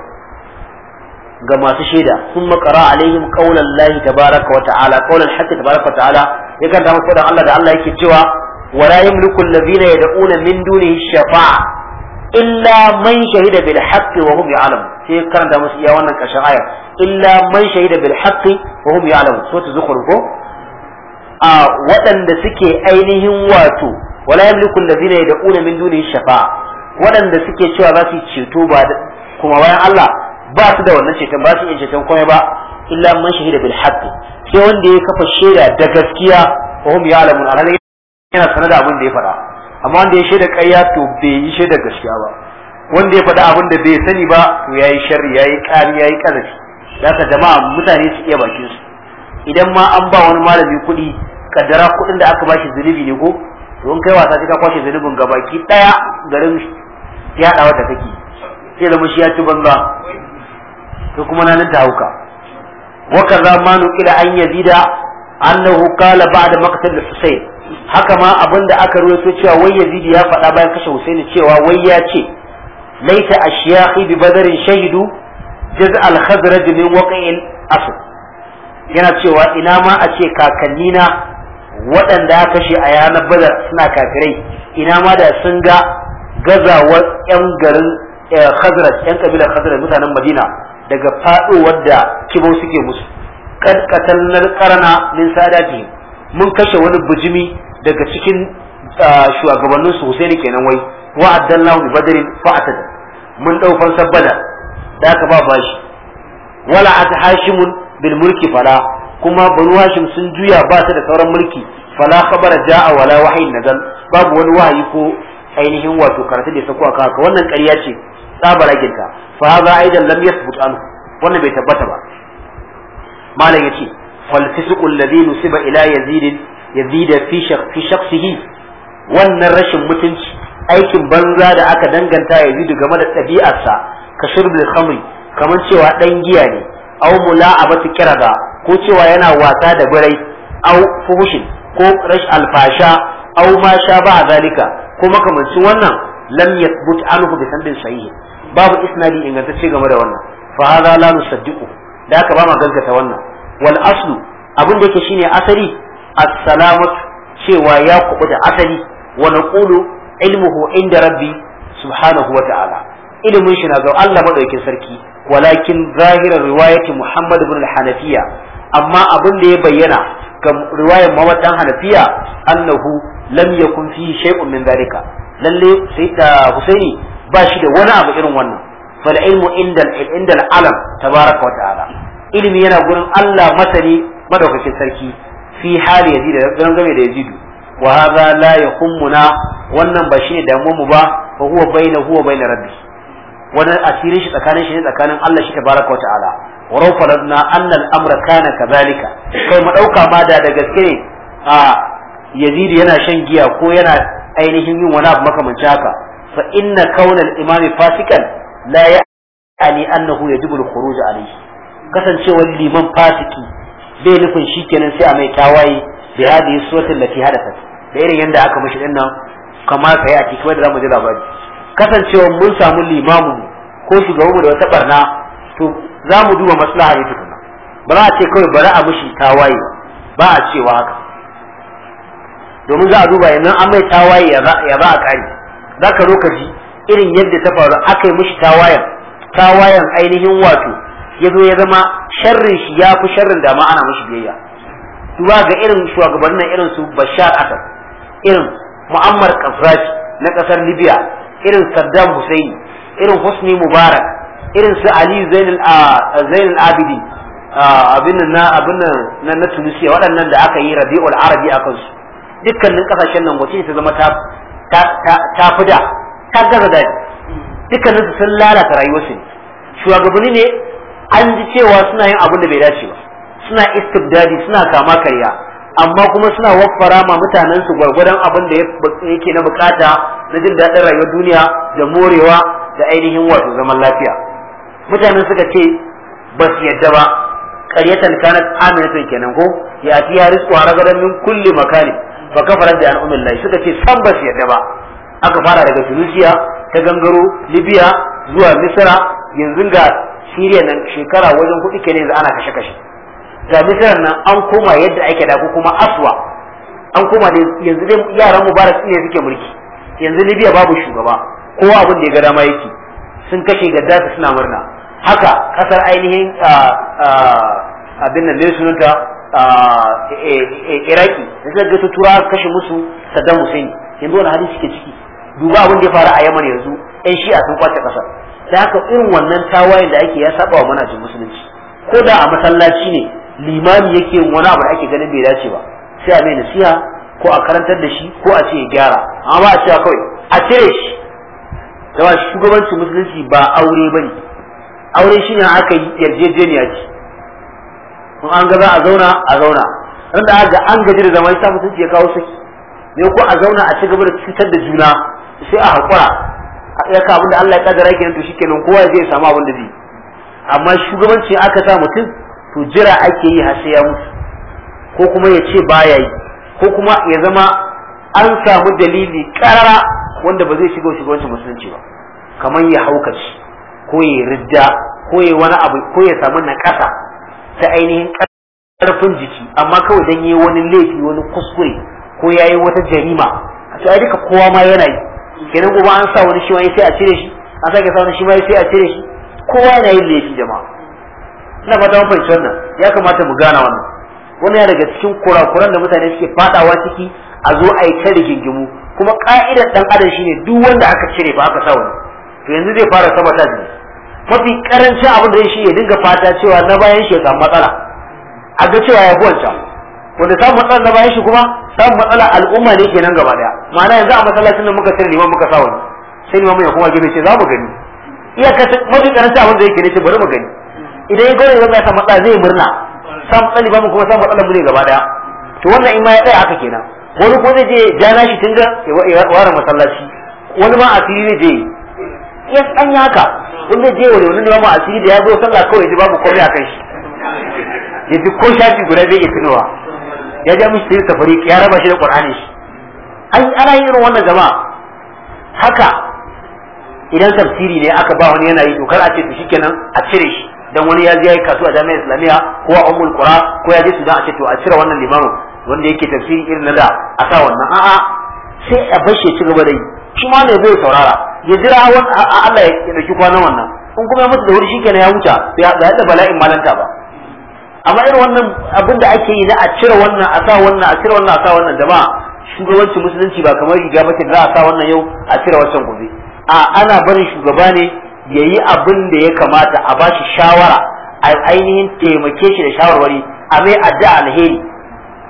ga masu shaida sun makara alaihim qaulan lahi tabaraka wa ta'ala qaulan hakka tabaraka wa ta'ala ya kan da fadan Allah da Allah yake cewa ولا يملك الذين يدعون من دونه الشفاعة إلا من شهد بالحق وهم يعلمون sai karanta musu iya wannan ƙarshen aya illa man shahida bil haqqi wa hum ya'lamun so ko a waɗanda suke ainihin wato wala yamliku allazina yad'una min dunihi shafa'a waɗanda suke cewa za su ceto ba kuma bayan Allah ba su da wannan ceton ba su iya ceton komai ba illa man shahida bil sai wanda ya kafa shaida da gaskiya yana sanar da abin da ya faɗa amma wanda ya shaida ƙarya to bai yi shaida gaskiya ba wanda ya faɗa abin da bai sani ba to yayi sharri yayi ƙari yayi ƙazafi haka jama'a mutane su iya bakin su idan ma an ba wani malami kuɗi kaddara kuɗin da aka bashi zunubi ne ko to in kai wasa ka kwashe zunubin baki ɗaya garin yaɗawa da kake sai da shi ya ci banza to kuma na nan ta hauka kaza manu ila an yazida annahu qala bada maqtal husayn haka ma abin da aka ruwaito cewa wai yazidi ya faɗa bayan kashe husaini cewa wai ya ce laita ashiyahi bi badarin shahidu jaz al khadraj min waqi'il asu. yana cewa ina ma a ce kakanni na waɗanda aka kashe a yanar badar suna kafirai ina ma da sun ga gazawar yan garin eh, khadraj yan kabilar khadraj mutanen madina daga faɗowar da kibo suke musu kad qatalnal qarna min sadatihim mun kashe wani bujimi daga cikin shugabannin su Husaini kenan wai wa addallahu bi badrin fa'atad mun dau fansar bada da aka ba bashi wala at hashim bil mulki fala kuma banu hashim sun juya ba ta da sauran mulki fala khabara ja'a wala wahyin nazal babu wani wahayi ko ainihin wato karatu da sako aka haka wannan ƙarya ce tsabara ginta fa hadha aidan lam yathbut anhu wannan bai tabbata ba malam ce. wal fisqu alladhi nusiba ila yazid yazid fi fi shakhsihi wannan rashin mutunci aikin banza da aka danganta yazid game da ɗabi'arsa ka shurbil khamri kamar cewa ɗan giya ne aw mula'abatu kirada ko cewa yana wasa da birai au fuhushin ko rash alfasha au ma sha ba zalika ko makamancin wannan lam but anuhu bi sanadin sahih babu isnadi ingantacce game da wannan fa hadha la nusaddiqu da aka ba ma gaskata wannan wal aslu abin da yake shine asali as cewa ya da asali wa naqulu ilmuhu inda rabbi subhanahu wa ta'ala ilimin shi na ga Allah madaukakin sarki walakin zahirar riwayati Muhammad ibn al-Hanafiya amma abin da ya bayyana ga riwayar mawadan Hanafiya annahu lam yakun fi shay'un min zalika lalle sai da Husaini ba shi da wani abu irin wannan fal ilmu inda al-alam tabaraka wa ta'ala ilimi yana gurin Allah masani madaukakin sarki fi hali yazid da game da yazid wa hadha la wannan ba shine da mu ba fa huwa baina huwa baina rabbi wannan asirin shi tsakanin shi ne tsakanin Allah shi tabaraka wa ta'ala wa raw anna al-amra kana kadhalika kai mu dauka ma da da gaske ne a yazid yana shan giya ko yana ainihin yin wani abu makamancin haka fa inna kaunal imami fasikan la ya'ani annahu yajibu al-khuruj alayhi kasancewar liman fasiki bai nufin shi kenan sai a mai tawaye bi hadi suratul lati hadathat da irin yanda aka mishi din nan kama sai a cikin da zamu ji labari kasancewar mun samu limamu ko shugabanmu da wata barna to za mu duba maslaha ne tukuna ba za a ce kawai bari a mishi tawaye ba a cewa haka domin za a duba yanzu an mai tawaye ya ba a kari za ka zo ka ji irin yadda ta faru aka yi mishi tawayen tawayen ainihin wato ya zo ya zama sharrin shi ya fi sharrin da ma ana mashi biyayya duba ga irin shugabannin nan irin su Bashar Assad irin Muammar Gaddafi na kasar Libya irin Saddam Hussein irin husni Mubarak irin su Ali Zainul Zainul Abidin abin na abin nan na Tunisia waɗannan da aka yi Rabiul Arabi a kansu dukkanin kasashen nan wace ta zama ta ta fida ta gaza da dukkanin su sun lalata rayuwarsu shugabanni ne an ji cewa suna yin abin da bai dace ba suna istibdadi suna kama karya amma kuma suna waffara ma mutanen su gwargwadon abin da yake na bukata na jin daɗin rayuwar duniya da morewa da ainihin wato zaman lafiya mutanen suka ce ba su yadda ba qaryatan kanat aminatun kenan ko ya fi ya rizqu ragadan min kulli makani fa da bi an'amillahi suka ce san ba su yadda ba aka fara daga Tunisia ta gangaro Libya zuwa Misra yanzu ga siriya nan shekara wajen hudu ke yanzu ana kashe kashe ga misalan nan an koma yadda ake da ku kuma aswa an koma da yanzu dai yaran mubarak ne suke mulki yanzu libya babu shugaba kowa abin da ya ga dama yake sun kashe su suna murna haka kasar ainihin abin nan ne sunanta e, e, iraki da suka ga tutura kashe musu saddam hussein yanzu wani hali suke ciki duba abin da ya faru a yaman yanzu yan shi'a sun kwace kasar da haka irin wannan tawayen da ake ya saba wa manajin musulunci ko da a masallaci ne limami yake wani abu da ake ganin bai dace ba sai a mai nasiha ko a karantar da shi ko a ce ya gyara amma ba a cewa kawai a cire shi da shugabancin musulunci ba aure bane aure shi ne aka yi yarjejeniya ce in an ga za a zauna a zauna ran da aka an gaji da zaman sa mutunci ya kawo saki ne ko a zauna a ci gaba da cutar da juna sai a haƙura ya ka abin da Allah ya kaddara kenan to shikenan kowa zai samu abin da zai amma shugabanci aka sa mutum to jira ake yi har sai ya mutu ko kuma ya ce baya yi ko kuma ya zama an samu dalili karara wanda ba zai shiga shugabancin musulunci ba kamar ya haukaci ko ya ridda ko ya wani abu ko ya samu nakasa ta ainihin karfin jiki amma kawai dan yi wani laifi wani kuskure ko yayi wata jarima a ce ai duka kowa ma yana yi kenan gobe an sa wani shi ma sai a cire shi an sake sa wani shi ma sai a cire shi kowa yana yin laifi jama'a ina fata mun fahimci wannan ya kamata mu gana wannan wannan ya daga cikin kurakuran da mutane suke fadawa ciki a zo a yi ta rigingimu kuma ka'idar dan adam shine duk wanda aka cire ba aka sa wani to yanzu zai fara sabata ne mafi karancin abin da shi ya dinga fata cewa na bayan shi ya samu matsala a ga cewa ya fi wancan wanda samun matsala na bayan shi kuma samun matsala al'umma ne nan gaba daya ma'ana yanzu a masallacin nan muka sai liman muka sa wani sai liman ya kuma gina ce za mu gani iya kace mafi karanta abin da yake ne ce bari mu gani idan ya gore zai samu matsala zai murna samun matsala liman mu kuma samun matsala mu ne gaba daya to wannan in ma ya tsaya haka kenan wani ko zai je ja shi tunga ya ware masallaci wani ma fili ne je yes an yi in zai je wani wani ma fili da ya zo sallah kawai ji babu komai a kan shi ya ko shafi guda zai iya tunawa ya ja mishi sai tafari ya raba shi da qur'ani shi ai ana yin irin wannan jama'a haka idan tafsiri ne aka ba wani yana yi dokar a ce to shikenan a cire shi dan wani ya je yayi kasu a jami'ar islamiyya ko a ummul qura ko ya je sudan a ce to a cire wannan limamin wanda yake tafsiri irin na da a sa wannan a'a sai a bar shi ya ci gaba da yi shi ma ne zai saurara ya jira Allah ya dauki kwanan wannan in kuma ya mutu da wuri shikenan ya huta bai haɗa bala'in malanta ba amma irin wannan abin da ake yi na a cire wannan a sa wannan a cire wannan a sa wannan jama'a shugabancin musulunci ba kamar riga ba za a sa wannan yau a cire wancan gobe a ana barin shugaba ne ya yi abin da ya kamata a ba shi shawara a ainihin taimake shi da shawarwari a mai addu'a alheri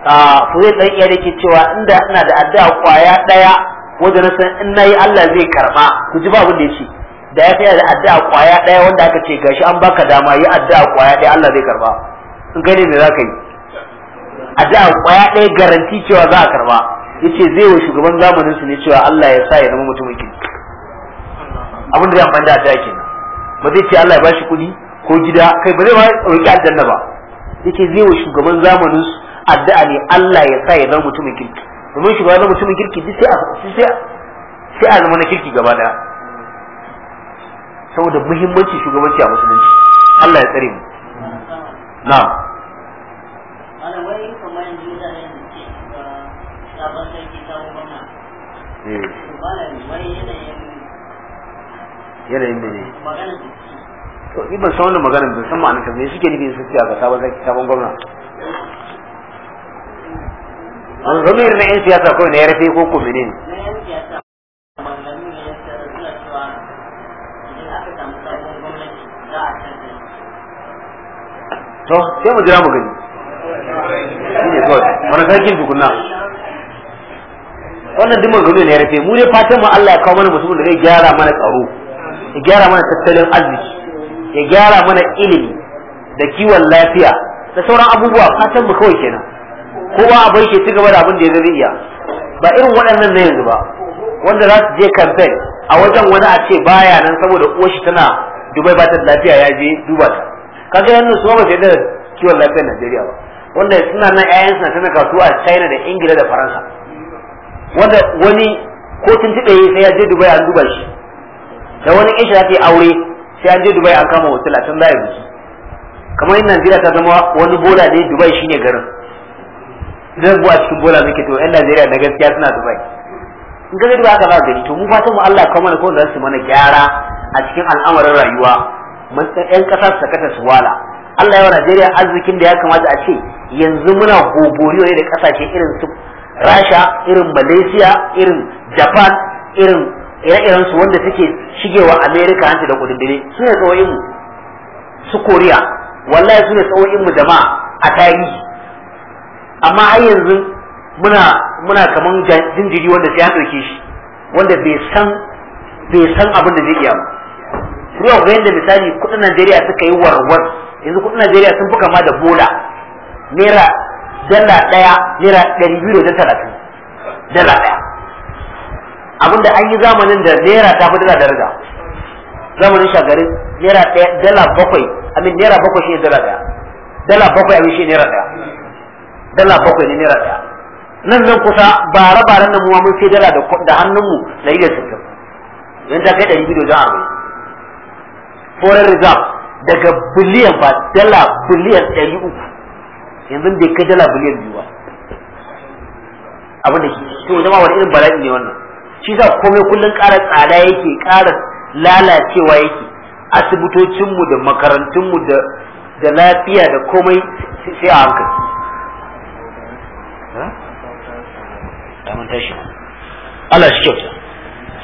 a fuzai dan iya dake cewa inda ina da addu'a kwaya daya wanda na san in nayi Allah zai karba ku ji ba abin da yake da ya fi da addu'a kwaya daya wanda aka ce gashi an baka dama yi addu'a kwaya daya Allah zai karba in kai ne me za ka yi a da kwaya ɗaya garanti cewa za a karba Ya ce zai wa shugaban zamanin su ne cewa Allah ya sa ya zama mutumin kirki abin da zai amfani da ajiya kenan ba zai ce Allah ya bashi kuɗi ko gida kai ba zai ma roki aljanna ba ce zai wa shugaban zamanin su addu'a ne Allah ya sa ya zama mutumin kirki domin shugaban zama mutumin kirki duk sai a sai a zama na kirki gaba daya saboda muhimmanci shugabanci a musulunci Allah ya tsare mu na'am ana da eh. ne ne to ni ban san wannan magana ban san me suke nufi su ce ga sabon sarki sabon gwamna an zama irin na 'yan siyasa kawai na yarfe ko ko menene to sai mu jira mu gani shine kawai sarkin tukunna wannan duk maganganu ne ya mu ne fatan mu Allah ya kawo mana mutumin da zai gyara mana tsaro ya gyara mana tattalin arziki ya gyara mana ilimi da kiwon lafiya da sauran abubuwa fatan mu kawai kenan kowa a bai ke ci gaba da abin da ya zai iya ba irin waɗannan na yanzu ba wanda za su je kamfen a wajen wani a ce baya nan saboda uwar shi tana Dubai ba ta lafiya ya je duba kaga yanzu su ba su da kiwon lafiyar Najeriya ba wanda suna nan ƴaƴan suna tana kasuwa a China da Ingila da Faransa wanda wani ko tuntuɓe sai ya je Dubai an duba shi da wani isha ta yi aure sai an je Dubai an kama hotel a can za a yi kamar yin Najeriya ta zama wani bola ne Dubai shine garin zan buwa cikin bola muke to ƴan Najeriya na gaskiya suna Dubai in ka ga Dubai aka za gani to mu fatan mu Allah ya kawo mana ko za su mana gyara a cikin al'amarin rayuwa yan kasa su sakata su wala Allah yawa Najeriya arzikin da ya kamata a ce yanzu muna goboriyo ne da kasashe irin su Rasha irin Malaysia irin Japan irin ire-iren su wanda suke shigewa America hanci da kudin dare su ne tsawon mu su Korea wallahi su ne tsawon mu jama'a a tarihi amma har yanzu muna muna kaman jinjiri wanda sai ya dauke shi wanda bai san bai san abin da zai iya ba yau ga yadda misali kudin Najeriya suka yi warwar yanzu kudin Najeriya sun fi kama da bola naira dala daya naira dari biyu da talatin dala daya abinda an yi zamanin da naira ta fi dala daraja zamanin shagarin naira daya dala bakwai amin naira bakwai shi ne dala daya dala bakwai amin shi ne naira daya dala bakwai ne naira daya nan zan kusa bare-baren da mu mun sai dala da hannunmu yi da sukar yanzu ta kai dari biyu da wajen foreign reserve daga biliyan ba dala biliyan ɗari uku yanzu bai kai dala biliyan biyu ba abin da to zama wani irin bala'i ne wannan shi sa komai kullum ƙara tsada yake ƙara lalacewa yake asibitocinmu da makarantunmu da da lafiya da komai sai a hankali Allah shi kyauta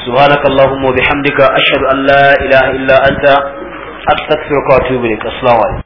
subhanakallahumma wa bihamdika ashhadu an la ilaha illa anta astaghfiruka wa atubu ilaik assalamu